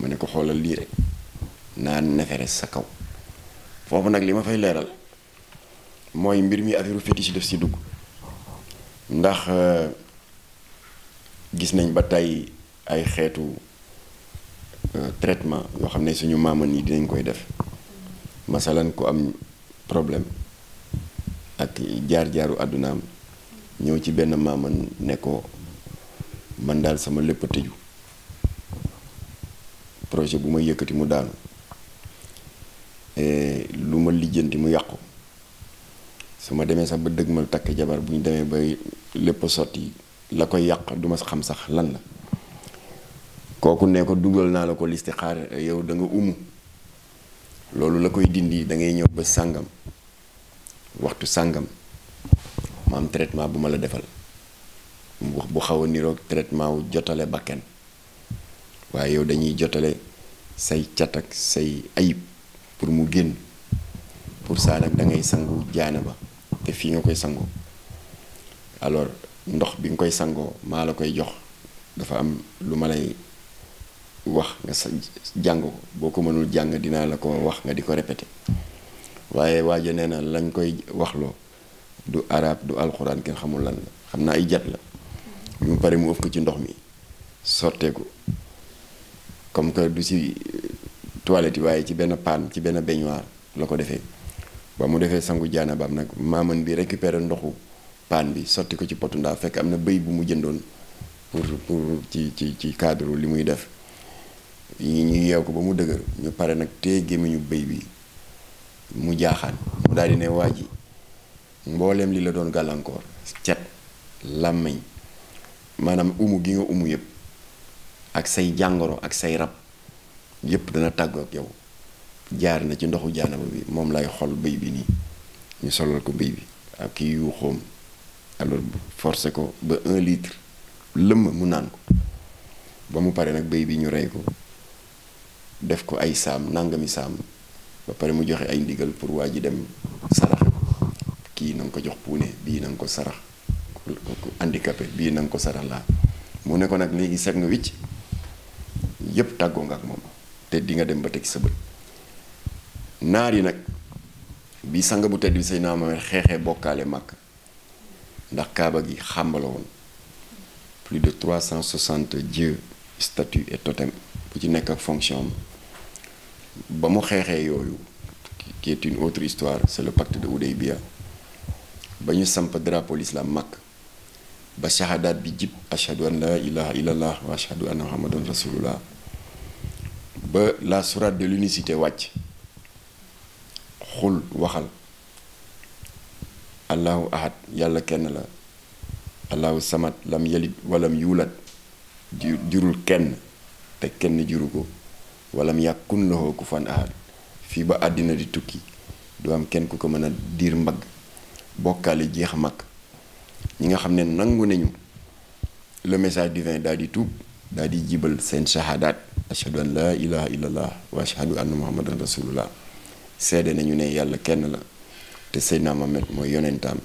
mu ne ko xoolal lii rek naa neefere sa kaw foofu nag li ma fay leeral mooy mbir mi affaire fétiche def si dugg ndax euh, gis nañ ba tey ay xeetu euh, traitement yoo xam ne suñu maama yi dinañ koy def masalan ku am problème ak jaar-jaaru àddunaam ñëw ci benn maaman ne ko man daal sama lépp tëju projet bu may yëkkati mu daanu Eh, lu ma lijjanti mu yàqu su ma demee sax ba dëgg ma takk jabar bu ñu demee ba lépp sotti la ko yàq duma xam sax lan la kooku ne ko dugal naa la ko listixaar yow danga nga umu loolu la koy dindi da ngay ñëw ba sàngam waxtu sàngam ma am traitement bu ma la defal wax bu xaw a niroog traitement wu jotale bakken waaye yow dañuy jotale say cat ak say ayib pour mu génn pour ça nag da ngay sangu jaanaba te fii nga koy sangoo alors ndox bi nga koy sangoo maa la koy jox dafa am lu ma lay wax nga sa jàng ko boo ko mënul jàng dinaa la ko wax nga di ko répété waaye waaja nee na lañ koy waxloo du arab du alxuraan kenn xamul lan la xam naa ay jat la bi mu pare mu ëf ko ci ndox mi sottee ko comme que du si toilette yi waaye ci benn paan ci benn baignoire la ko defee ba mu defee sangu jaanabaam nag maaman bi récupéré ndoxu paan bi sotti ko ci potu ndaa fekk am na bëy bu mu jëndoon pour pour ci ci ci cadre li muy def yi ñu yeew ko ba mu dëgër ñu pare nag tee gémmiñu bëy bi mu jaaxaan mu daal di ne waa ji mbooleem li la doon gàllankoor cet làmmiñ maanaam umu gi nga umu yëpp ak say jàngoro ak say rab yépp dana tàggook yow jaar na ci ndoxu jaanama bi moom lay xol bay bi nii ñu solal ko bay bi ak kii yuuxoom alors forcé ko ba un litre lëmm mu naan ko ba mu pare nag bay bi ñu rey ko def ko ay saam nangami saam ba pare mu joxe ay ndigal pour waa ji dem sarax kii na nga ko jox puune bii na ko sarax ku handicapé bii nanga ko sarax laa mu ne ko nag léegi seg nga wicc yépp tàggoo nga ak moom te di nga dem ba teg sa bët naar yi nag bi sang bu tedd bi say naa ma xeexee bokkaale màkk ndax kaaba gi xàmbala woon plus de 360 dieux statu et totems bu ci nekk ak fonction ba mu xeexee yooyu qui est une autre histoire c'est le pacte de Hudaybiya ba ñu samp drapeau la mag ba shahadaat bi jib ashhadu an la ilaha illallah wa ashhadu anna muhammadan rasulullah ba la sourate de l'unicité wàcc xul waxal allahu ahad yàlla kenn la allahu samad lam yalid walam yuulat jurul kenn te kenn juru ko wallam yàkkun lahu kufuwan ahad fii ba àddina di tukki du am kenn ku ko mën a diir mbagg bokkaale jeex mag ñi nga xam ne nangu nañu le message divin daal di tuub daal di jibal seen shahadaat ashhadu an laa ilaha illallah wa ashhadu anna muhammadan rasulullah seede nañu ne yàlla kenn la te Seydina Mohamed mooy yonentaam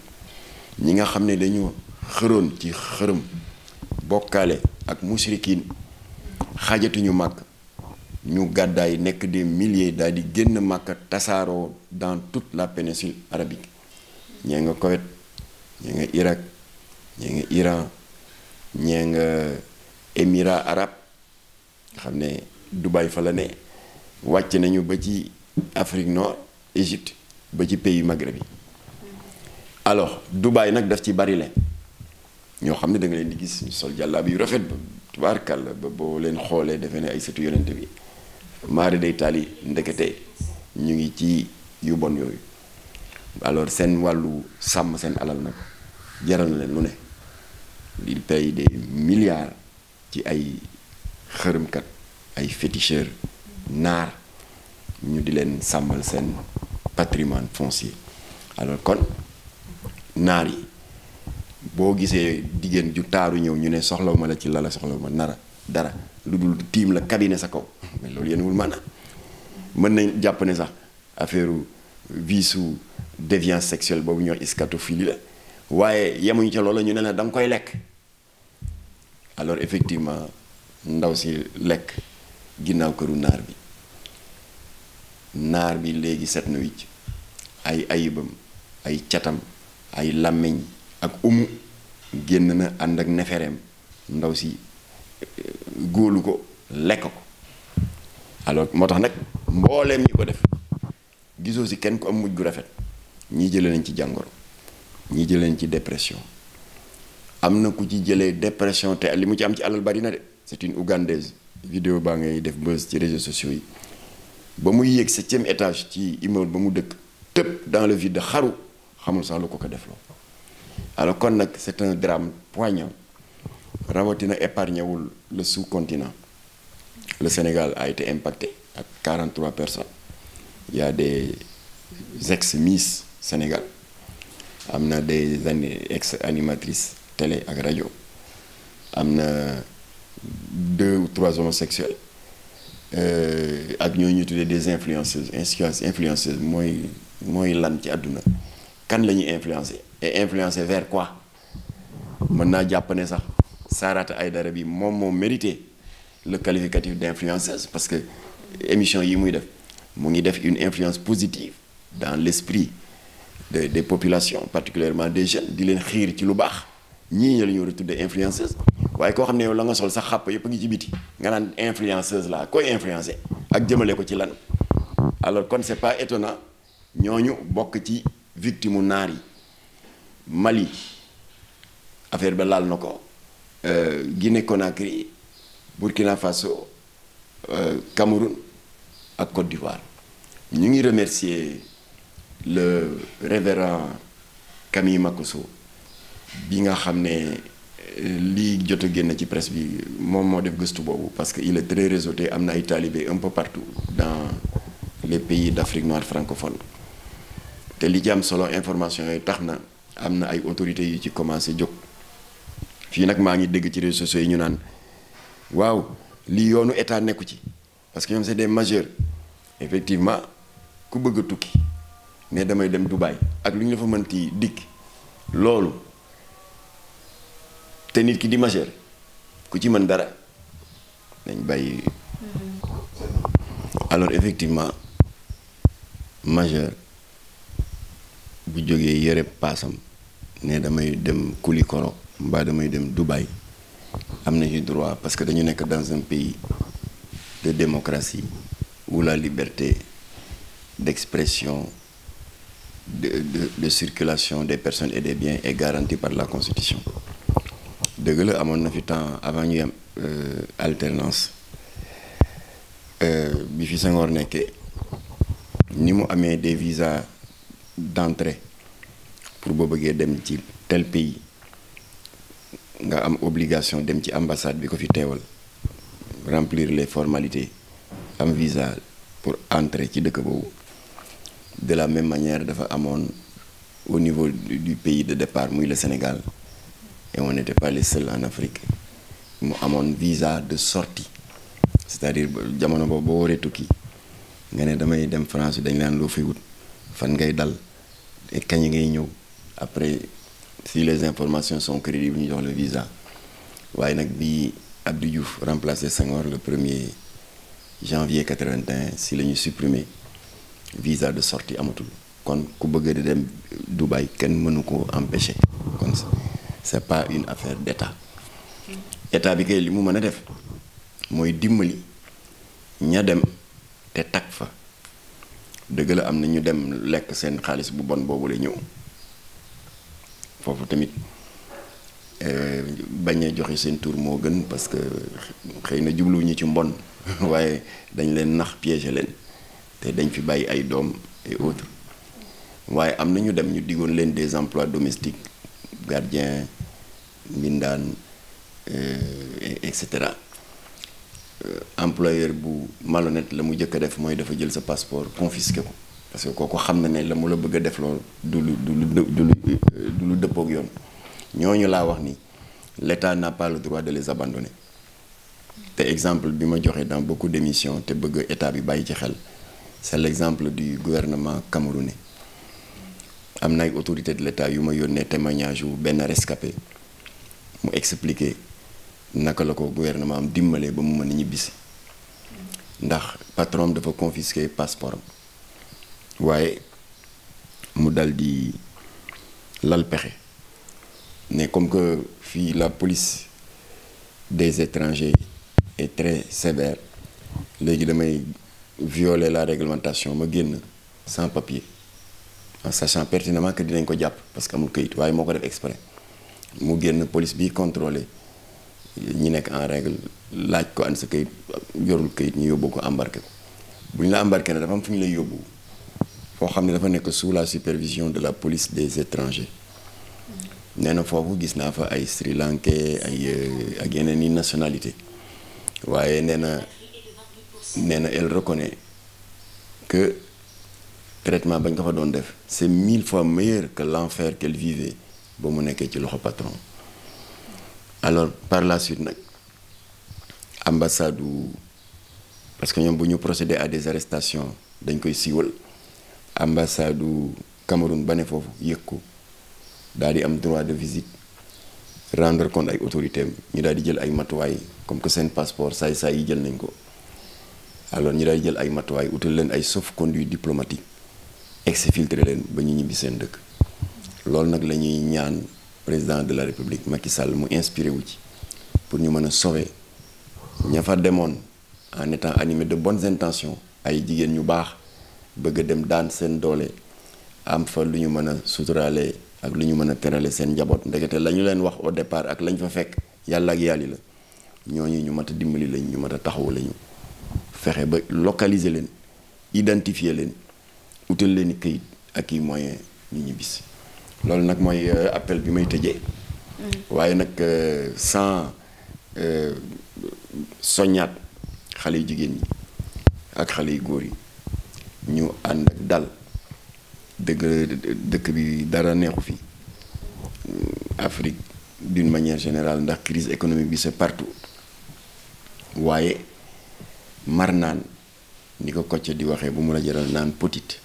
ñi nga xam ne dañu xëroon ci xërëm bokkaale ak musrikiin xaajatuñu màkk ñu gàddaay nekk des milliers daal di génn màkk tasaaroo dans toute la péninsule arabique ñee nga Koweït ñee nga émirats arab nga xam ne Dubaï fa la ne wàcc nañu ba ci Afrique nord Égypte ba ci pays Maghreb yi alors Dubaï nag daf ci bari leen ñoo xam ne danga leen di gis sol jàllaab yu rafet ba tubaarkàlla ba boo leen xoolee defe ne ay sëtu yonent bi maari day taali ndekete ñu ngi ci yu bon yooyu alors seen wàllu sàmm seen alal nag jaral na leen lu ne il paye des milliards ci ay xërëmkat ay féticheur naar ñu di leen sàmmal seen patrimoine foncier alors kon naar yi boo gisee jigéen ju taaru ñëw ñu ne soxlawuma la ci lala soxlawuma nara dara lu dul tiim la kabine sa kaw loolu yéen wul maanaam mën nañ jàpp ne sax affaire visu déviance sexuelle boobu ñoo wax scatophilie la waaye yemuñu ca loola ñu ne la da nga koy lekk alors effectivement ndaw si lekk ginnaaw këru naar bi naar bi léegi set na wicc ay ayibam ay catam ay làmmiñ ak umu génn na ànd ak nefereem ndaw si eh, góolu ko lekk ko alors moo tax nag mbooleem ñi ko def gisoo si kenn ku am mujj gu rafet ñi jëlee nañ ci jàngoro ñii jëlee nañ ci dépression am na ku ci jëlee dépression te li mu ci am ci alal bari na de c'est une ougandaise baa ngay def buzz ci réseaux sociaux yi ba muy yéeg septième étage ci immeuble ba mu dëkk tëpp dans le vide xaru xamul sax lu ko ko defloo alors kon nag c'est un drame poignant rawatina épargné wul le sous-continent le Sénégal a été impacté ak 43 personnes il de a des miss Sénégal am na des ex-animatrices télé ak rajo am na deux ou trois homosexuels euh, ak ñoo ñu tuddee des influenceuses influence influenceuses mooy mooy lan ci àdduna kan la ñuy influencer et influencer vers quoi mën naa jàpp ne sax Sarata Aydara bi moom moo mérité le qualificatif d'influenceuse parce que émission yi muy def mu ngi def une influence positive dans l'esprit des des populations particulièrement des jeunes di leen xiir ci lu baax ñii la ñu war a tuddee influenceuse waaye koo xam ne yow la nga sol sax xàpp yëpp a ngi ci biti nga naan influenceuse laa koy influencé ak jëmale ko ci lan alors kon c'est pas étonnant ñooñu bokk ci victime mu naar yi Mali affaire ba laal na ko euh, Guinée Conakry Burkina Faso euh, Cameroun ak Côte d'Ivoire ñu ngi remercier le révérend Camille Makosso bi nga xam ne euh, lii jot a génn ci presse bi moom moo def gëstu boobu parce que il est très réseauté am na ay talibé un peu partout dans les pays d'Afrique noire francophone te li ci am solo information yi tax na am na ay autorités yu ci commencé jóg fii nag maa ngi dégg ci réseaux sociaux yi ñu naan waaw lii yoonu état nekku ci parce que ñoom c'est des majeurs effectivement ku bëgg tukki ne damay dem Dubaï ak lu ñu la fa dikk loolu te nit ki di majeur ku ci mën dara dañ bàyyi. Mhm. alors effectivement majeur bu jógee yëre paasam ne damay dem Koulikoro mbaa damay dem Dubaï am na ci droit parce que dañu nekk dans un pays de démocratie où la liberté d'expression de, de, de circulation des personnes et des biens est garantie par la Constitution dëgg la amoon na fi temps avant ñuy am euh, alternance euh, bi fi Senghor nekkee ni mu amee des visa d'entrée pour boo bëggee dem ci tel pays nga am obligation dem ci ambassade bi ko fi teewal remplir les formalités am visa pour entrer ci dëkk boobu de la même manière dafa amoon au niveau du pays de départ muy le Sénégal et on n'était pas les seuls en Afrique mu amoon visa de sorti c'est-à-dire jamono boobu boo waree tukki nga ne damay dem France dañ laan loo fay wut fan ngay dal et ñi ngay ñëw après si les informations sont crédibles ñu jox le visa waaye nag bi Abdou Diouf remplacé Senghor le premier janvier 81 si la ñu supprimer visa de sorti amatul kon ku bëgg di dem Dubaï kenn mënu ko empêcher kon c'est pas une affaire d'état état bi kay li mu mën a def mooy dimbali ña dem te tag fa dëgg am na ñu dem lekk seen xaalis bu bon boobu la ñëw foofu tamit euh, bañ a joxe seen tour moo gën parce que xëy na jubluwuñu ci mbon <laughs> waaye dañ leen nax piéger leen te dañ fi bàyyi ay doom et autres waaye am na ñu dem ñu diggoon leen des emplois domestiques gardien mbindaan euh, et cetera euh, employeur bu malhonnête la mu njëkk a def mooy dafa jël sa passeport confisqué ko parce que kooku xam na ne la mu la bëgg a def loolu du lu du lu du lu du lu dëppook yoon ñooñu laa wax ni l'État n'a pas le droit de les abandonner te exemple bi ma joxe dans beaucoup d'émissions te bëgg état bi bàyyi ci xel c'est l'exemple du gouvernement camerounais am na ay autorités de l'État yu ma yónnee témoignage wu benn rescapé mu expliquer naka la ko gouvernement am dimbalee ba mu mën a ñibbisi ndax patron dafa confisquer passeport am waaye mu dal di lal pexe mais comme que fii la police des étrangers est très sévère léegi damay violer la réglementation ma génn sans papier en sachant pertinemment que dinañ ko jàpp parce que amul kayit waaye moo ko def exprès mu génn police bi contrôlé ñi nekk en règle laaj ko an sa kayit yorul kayit ñu yóbbu ko embarqué ko bu ñu la embarqué na dafa am fu ñu lay yóbbu foo xam ne dafa nekk su la supervision de la police des étrangers nee na foofu gis naa fa ay Sri Lankais ay euh, ak yeneen i nationalité waaye nee na nee na elle reconnaît que traitement bañ ko fa doon def c'est mille fois meilleur que l'enfer qu'elle vivait ba mu nekkee ci loxo patron alors par la suite nag ambassade u parce que ñoom bu ñu procéder à des arrestations dañ koy siiwal ambassade u Cameroun ba ne foofu yëg ko daal di am droit de visite rendre compte ay autorité ñu daal di jël ay matuwaay comme que seen passeport saay-saay yi jël nañ ko alors ñu daal jël ay matuwaay utal leen ay sauf-conduit diplomatique exfiltré leen ba ñu ñibbi seen dëkk loolu nag la ñuy ñaan président de la république Macky Sall mu inspiré wu ci pour ñu mën a sauver ña fa demoon en étant animé de bonne intentions ay jigéen ñu baax bëgg a dem daan seen doole am fa lu ñu mën a suturaale ak lu ñu mën a terale seen njaboot ndekete la ñu leen wax au départ ak lañ fa fekk yàlla ak yàlli la ñooñu ñu mat a dimbali lañ ñu mat a taxawu lañu fexe ba localiser leen identifier leen utal leen i këyit ak i moyen ñu ñibbisi loolu nag mooy euh, appel bi may tëjee. Mm. waaye nag euh, sans euh, soñaat xale yu jigéen ñi ak xale yu góor yi ñu ànd ak dal dëgg dëkk bi dara neexu fi Afrique d'une manière générale ndax crise économique bi c'est partout waaye mar naan ni ko kocce di waxee bu mu la jaral naan petite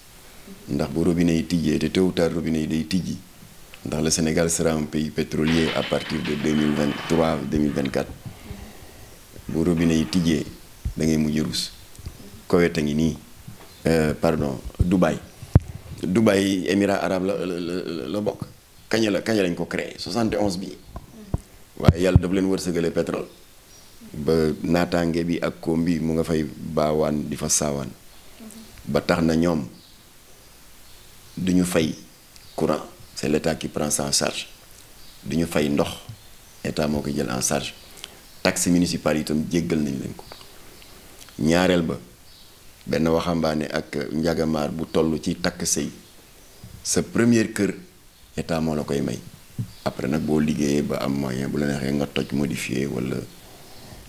ndax bu robinet yi tijjee te tôt ou tard robinet yi day tijji ndax le Sénégal sera un pays pétrolier à partir de 2023 2024 bu robinet yi tijjee da ngay mujj ruus Koweït a ngi nii euh, pardon Dubaï Dubaï émirat arabe la la la bokk kañ la kañ lañ ko créé 71 bi waaye yàlla daf leen wërsëgale pétrole ba naataange bi ak koom bi mu nga fay baawaan di fa saawaan ba tax na ñoom du ñu fay courant c'est l'état qui prend ça en charge du ñu fay ndox état moo koy jël en charge taxe municipale itam jéggal nañ leen ko ñaareel ba benn waxambaane ak njagamaar bu tollu ci takk sëy sa première kër état moo la koy may après nag boo liggéeyee ba am moyen bu la neexee nga toj modifier wala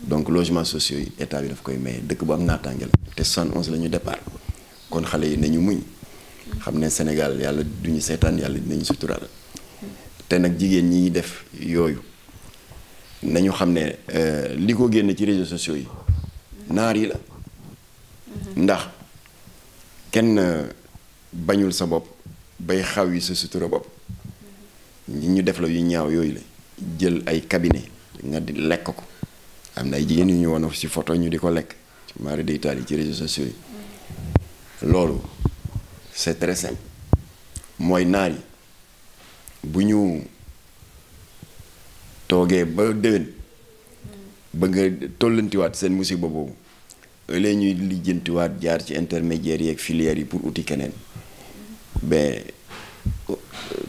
donc logement sociaux yi état bi daf koy maye dëkk bu am naataange la te 71 la ñu départ kon xale yi nañu muñ xam ne Sénégal yàlla duñu seetaan yàlla dinañu suturaal te nag jigéen ñi def yooyu na ñu xam ne euh, li ko génn ci réseaux sociaux yi naar yi la ndax kenn euh, bañul sa bopp bay xaw yi sa sutura bopp ñi ñu def la yu ñaaw yooyu la jël ay cabinet nga di lekk ko am na ay jigéen yu ñu woon ci photo ñu di ko lekk ci mari day taal ci réseaux sociaux yi loolu c'est très simple mooy naar yi bu ñu toogee ba déwén ba tollantiwaat seen musiba boobu léegi ñuy lijjantiwaat jaar ci intermédiaires yi ak filières yi pour uti keneen mais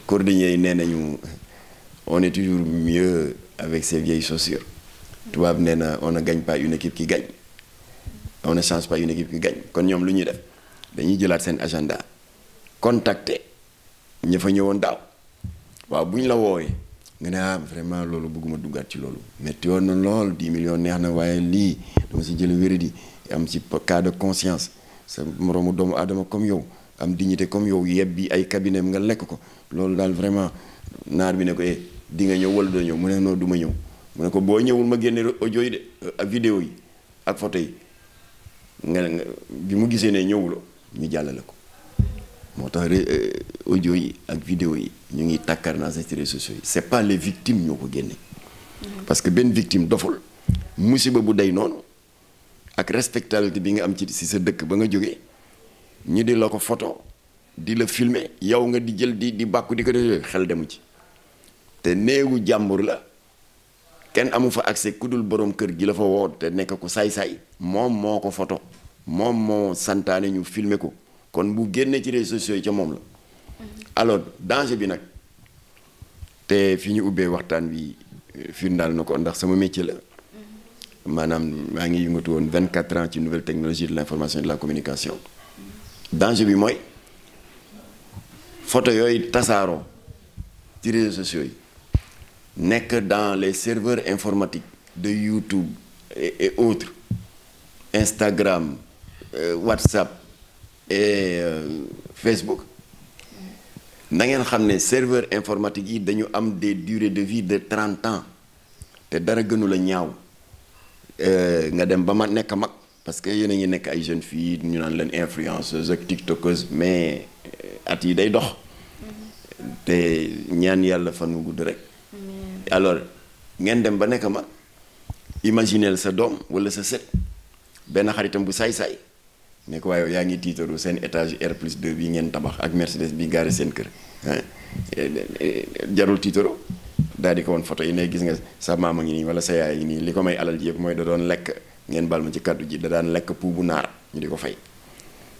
cordonniers yi nee nañu on est toujours mieux avec ces vieilles chaussures tubaab nee na on ne gagne pas une équipe qui gagne on ne change pas une équipe qui gagne kon ñoom lu ñuy def dañuy jëlaat seen agenda contacter ña fa ñëwoon daaw waaw bu ñu la woowee nga ne ah vraiment loolu bëgguma duggaat ci loolu métti na lool 10 million neex na waaye lii dama si jël wéradi am si cas de conscience sa moroomu doomu aadama comme yow am dignité comme yow yeb bi ay cabinet nga lekk ko loolu daal vraiment naar bi ne ko eh di nga ñëw wala doo ñëw mu ne noonu du ma ñëw mu ne ko boo ñëwul ma génne audio yi de euh, ak vidéo yi ak photo yi nga bi mu gisee ne ñëwuloo ñu jàllale ko moo tax euh, audio yi ak vidéo yi ñu ngi takkarnaase ci réseaux sociaux yi c'est pas les victimes ñoo ko génne parce que benn victime doful musiba bu day noonu ak respectabilité bi nga am ci si sa dëkk ba nga jóge ñu di la ko photo di la filmer yow nga di jël di di bàkku di ko def xel demu ci te néegu jàmbur la kenn amu fa agse ku dul borom kër gi la fa woo te nekk ku saay-saay moom moo ko photo moom moo santaane ñu filmer ko kon bu génne ci réseaux sociaux yi ca moom la alors danger bi nag te fi ñu ubbee waxtaan wi euh, firndaal na ko ndax sama métier la maanaam maa ngi yëngatu woon vingt 24 ans ci nouvelle technologie de l'information de la communication danger bi mooy photo yooyu tasaaroo ci réseaux sociaux yi nekk dans les serveurs informatique de YouTube et, et autres Instagram euh, WhatsApp et euh, Facebook na ngeen xam ne serveur informatique yi dañu am de dure de vie de trente ans te dara gënu la ñaaw euh, nga dem ba ma nekk mag parce que yéen a ngi nekk ay jeunes filles ñu naan leen influenceuse ak tiktokeuses mais euh, at yi day dox mm-hmm. te ñaan yàlla fan wu gudd rek alors ngeen dem ba nekk mag imagineel sa doom wala sa set benn xaritam bu saay-saay ne ko waaye yaa ngi tiitaru seen étage R plus 2 bi ngeen tabax ak Mercedes bi garé seen kër eh, eh, eh, jarul tiitaru daal di ko woon photo yi ne gis nga sa a ngi nii wala sa yaay ngi nii li ko may alal ji yëpp mooy da doon lekk ngeen bal ma ci kàddu ji da daan lekk pou naar ñu di ko fay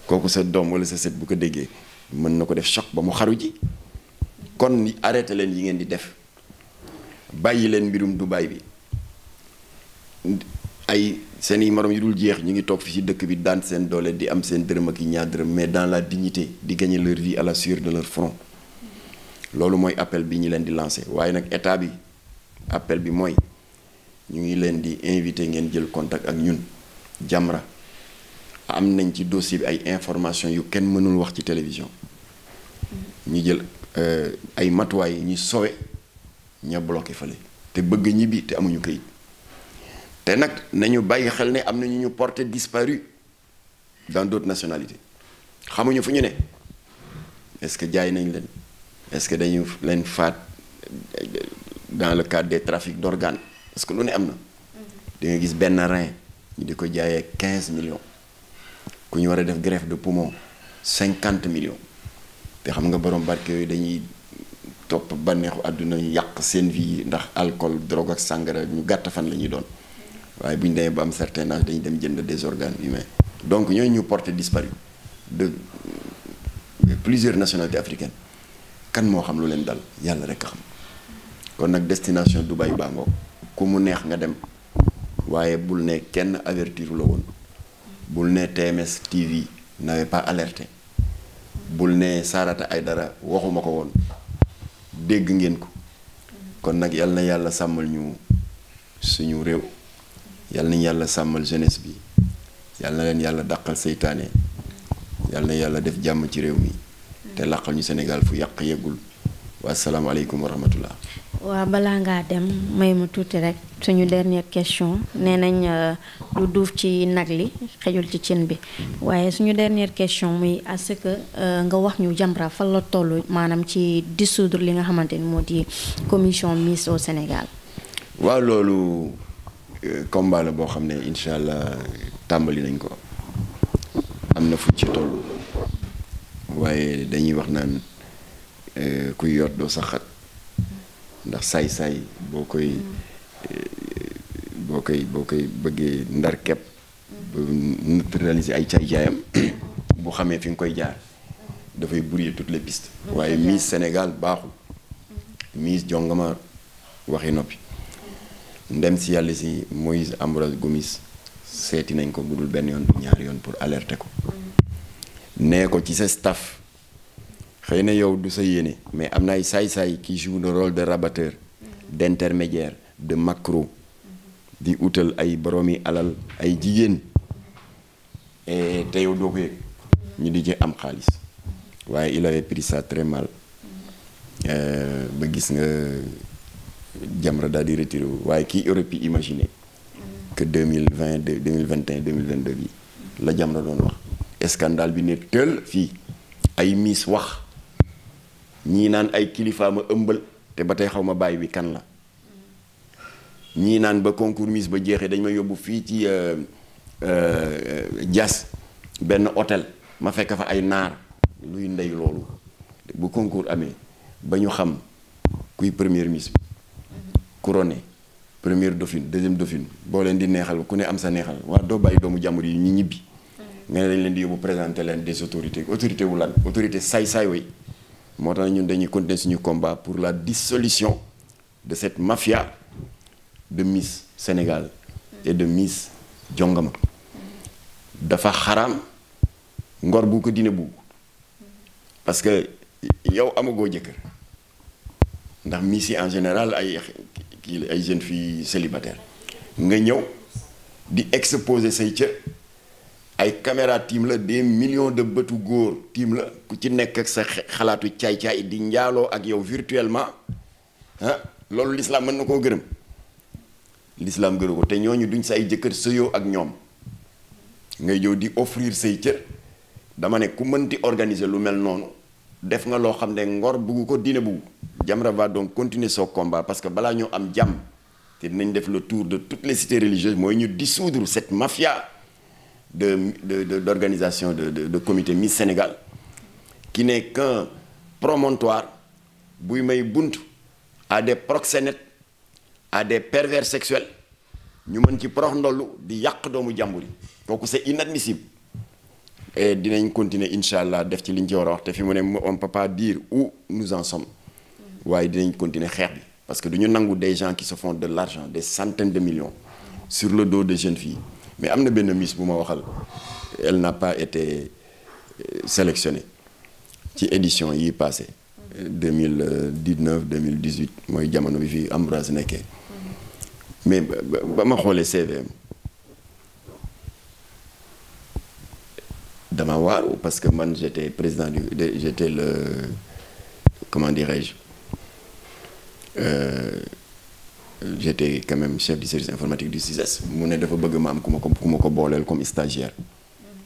kooku sa doom wala sa set bu ko déggee mën na ko def choc ba mu xaru ji kon arrêté leen yi ngeen di def bàyyi leen mbirum Dubaay bi ay seen i morom yu dul jeex ñu ngi toog fi ci dëkk bi daan seen doole di am seen dërëm ak i ñaar dërëm mais dans la dignité di gagner leur vie à la sueur de leur front loolu mooy appel bi ñu leen di lancer waaye nag état bi appel bi mooy ñu ngi leen di invité ngeen jël contact ak ñun Jamra am nañ ci dossier bi ay information yu kenn mënul wax ci télévision ñu jël euh, ay matuwaay ñu sowe ña bloqué fële te bëgg ñibbi te amuñu këyit te nag nañu bàyyi xel ne am na ñu ñu porté disparu dans d'autres nationalités xamuñu fu ñu ne est-ce que jaay nañ leen est-ce que dañu leen faat dans le cadre des trafics d'organes parce que lu ne am na mm-hmm. da nga gis benn rein ñu di ko jaayee quinze millions ku ñu war a def greffe de poumon cinquante millions te xam nga borom barke yooyu dañuy topp bànneexu àdduna yàq seen vie ndax alcool drogue ak sàngara ñu gàtt fan la ñuy doon waaye bu ñu demee ba am certain âge dem jënd des organes humains donc ñooñu ñu porté disparu de plusieurs nationalités africaines kan moo xam lu leen dal yàlla rekk xam kon nag destination du Dubaï bango ku mu neex nga dem waaye bul ne kenn avertir la woon bul ne TMS TV n'avait pas alerté bul ne ay dara waxuma ko woon dégg ngeen ko kon nag yàlla na yàlla sàmmal ñu suñu réew yàlla nañu yàlla sàmmal jeunesse bi yàlla na leen yàlla dàqal seytaane yàlla na yàlla def jàmm ci réew mi te làqal ñu Sénégal fu yàq yeggul waa salaamaaleykum wa rahmatullah. waa balaa ngaa dem may ma tuuti rek suñu dernière question nee nañ euh, lu duuf ci nag li xejul ci cin bi waaye suñu dernier question muy à ce que euh, nga wax ñu Jamra fan la toll maanaam ci dissoudre li nga xamante ni moo di commission Miss au Sénégal. waaw loolu. combale boo xam ne incha allah tàmbali nañ ko am na fu ci toll waaye dañuy wax naan euh, kuy yor doo saxat ndax saay-saay boo koy boo koy boo koy bëggee ndar kepp ba neutraliser ay caay-caayam <coughs> bu xamee fi nga koy jaar dafay brouiller toutes les pistes waaye Miss Sénégal baaxul Miss jongama waxi noppi ndem si yàlla si Moïse Ambroise Gomis seeti nañ ko budul benn yoon bu ñaari yoon pour alerter ko nee ko ci sa staff xëy na yow du sa yéene mais am na ay saay-saay qui joue le rôle de rabatteur d'intermédiaire de macro di utal ay boroomi alal ay jigéen te yow doo ko yëg ñu di ci am xaalis waaye il avait pris ça mal euh, ba gis nga Jamra daal di retiré wu waaye kii aurait pu imaginer que 2020 2021 2022 bi la Jamra doon wax scandale bi ne tël fii ay miis wax ñii naan ay kilifa ma ëmbal te ba tey xaw ma bàyyi bi kan la ñii naan ba concours miss ba jeexee dañ ma yóbbu fii ci euh, euh, Diass benn hôtel ma fekk fa ay naar luy ndey loolu bu concours amee ba ñu xam kuy premier miss bi couronné première dauphine deuxième dauphine boo leen di neexal ku ne am sa neexal waa doo bàyyi doomu jàmbur yi ñu ñibbi. nga ne dañ leen di yóbbu présenter leen des autorités autorité wu lan autorité saay-saay way moo tax ñun dañuy continuer suñu combat pour la dissolution de cette mafia de Miss Sénégal et de Miss Jongama dafa xaram ngor bu ko dina bu parce que yow amagoo jëkkër ndax Miss yi en général ay kii ay jeunes fii célibataires nga ñëw di exposer say cër ay caméra tiim la des million de bëtu góor tiim la ku ci nekk ak sa xalaatu caay-caay di njaaloo ak yow virtuellement ah loolu l'islam mën na koo gërëm lislaam gërëm ko te ñooñu duñ sa ay jëkkër sëyoo ak ñoom ngay ñëw di offrir say cër dama ne ku mënti organiser lu mel noonu def nga loo xam ne ngor bugg ko diine bugg Jamra va donc continuer son combat parce que balaa ñoo am jàmm te dinañ def le tour de toutes les cités religieuses mooy ñu dissoudre cette mafia de de de d'organisation de de de comité Miss Sénégal qui n'est qu'un promontoire buy may bunt à des proxénètes à des pervers sexuels ñu mën ci porox ndollu di yàq doomu jàmbur yi kooku c'est inadmissible et dinañ continuer incha allah def ci liñ ci war a wax te fi mu ne on peut pas dire nous en sommes waaye dinañ continuer xeex bi parce que du ñu nangu des gens qui se font de l'argent des centaines de millions sur le dos de jeunes fii mais am na benn miss bu ma waxal elle n'a pas été euh, sélectionnée ci édition yi mille dix 2018 mooy jamono bi fi Ambroise nekkee mais ba ba ma xoolee CVM dama waaru parce que man j'étais président du j'étais le comment dirais-je euh, j'étais quand même chef du service informatique du CISES mu ne dafa bëgg ma am ku ma ko ku ma ko booleel comme stagiaire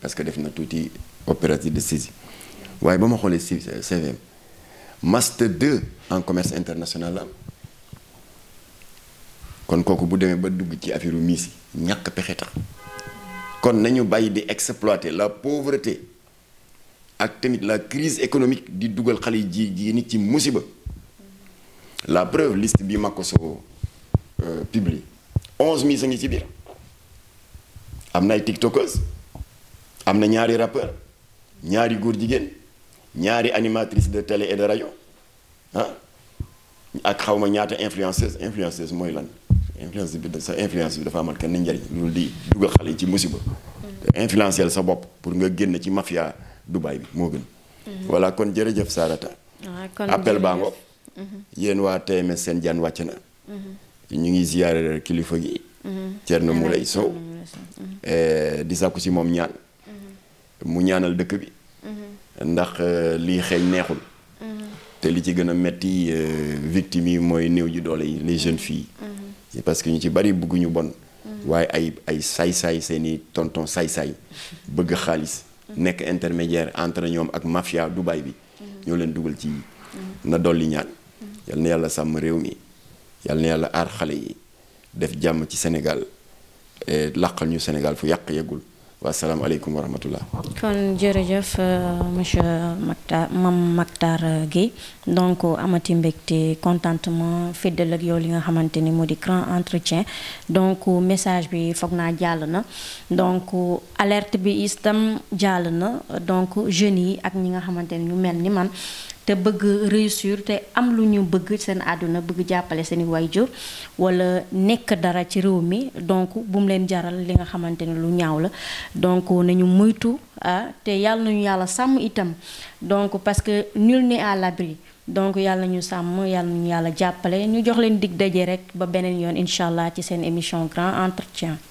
parce que def na tuuti opérative de saisie waaye ba ma xoolee si CVM master de en commerce international la kon kooku bu demee ba dugg ci affaire u miis yi ñàkk pexe tax kon nañu bàyyi di exploiter la pauvreté ak tamit la crise économique di dugal xale ji jigéen ñi ci musiba la preuve liste bi Makoso euh, publie onze mille a ngi ci biir am na ay am na ñaari rappeur ñaari góor jigéen ñaari animatrice de télé et de rajo ah ak xawma ñaata influenceuse influenceuse mooy lan influence bi sa influence bi dafa amal kenn njariñ loolu di dugal xale yi ci musiba mm-hmm. te influenceel sa bopp pour nga génn ci mafia Dubaay bi moo gën mm-hmm. voilà kon jërëjëf Sarata ah, appel baa ngoog mm-hmm. yéen waa TMS seen jaan wàcc na ñu ngi ziyaare kilifa gi Thierno Moulay Sow eh, di sàkku si moom ñaan mu ñaanal dëkk bi ndax eh, lii xeeñ neexul te li ci gën a metti eh, victime yi mooy néew ji doole yi les jeunes fii parce que ñu ci bari bëgguñu bon waaye ay ay saay-saay seeni tonton saay-saay bëgg xaalis nekk intermédiaire entre ñoom ak mafia Dubaï bi ñoo leen dugal ci na dolli ñaan yal na yàlla sàmm réew mi yal na yàlla aar xale yi def jàmm ci Sénégal làqal ñu Sénégal fu yàq yeggul waa salaamualeykum wa rahmatullah. kon jërëjëf euh, monsieur Mactar Mame Mactar gi donc amati mbégte contentement fidèle ak yow li nga xamante ni moo di grand entretien donc message bi foog naa jàll na donc alerte bi istam jàll na donc jeunes yi ak ñi nga xamante ni ñu mel ni man. te bëgg réussir te am lu ñu bëgg seen àdduna bëgg jàppale seen i waajur wala nekk dara ci réew mi donc bu mu leen jaral li nga xamante ne lu ñaaw la donc nañu muytu ah te yàlla nañu yàlla sàmm itam donc parce que nul n'est à l'abri donc yàlla nañu sàmm yàlla nañu yàlla jàppale ñu jox leen dig daje rek ba beneen yoon incha allah ci seen émission grand entretien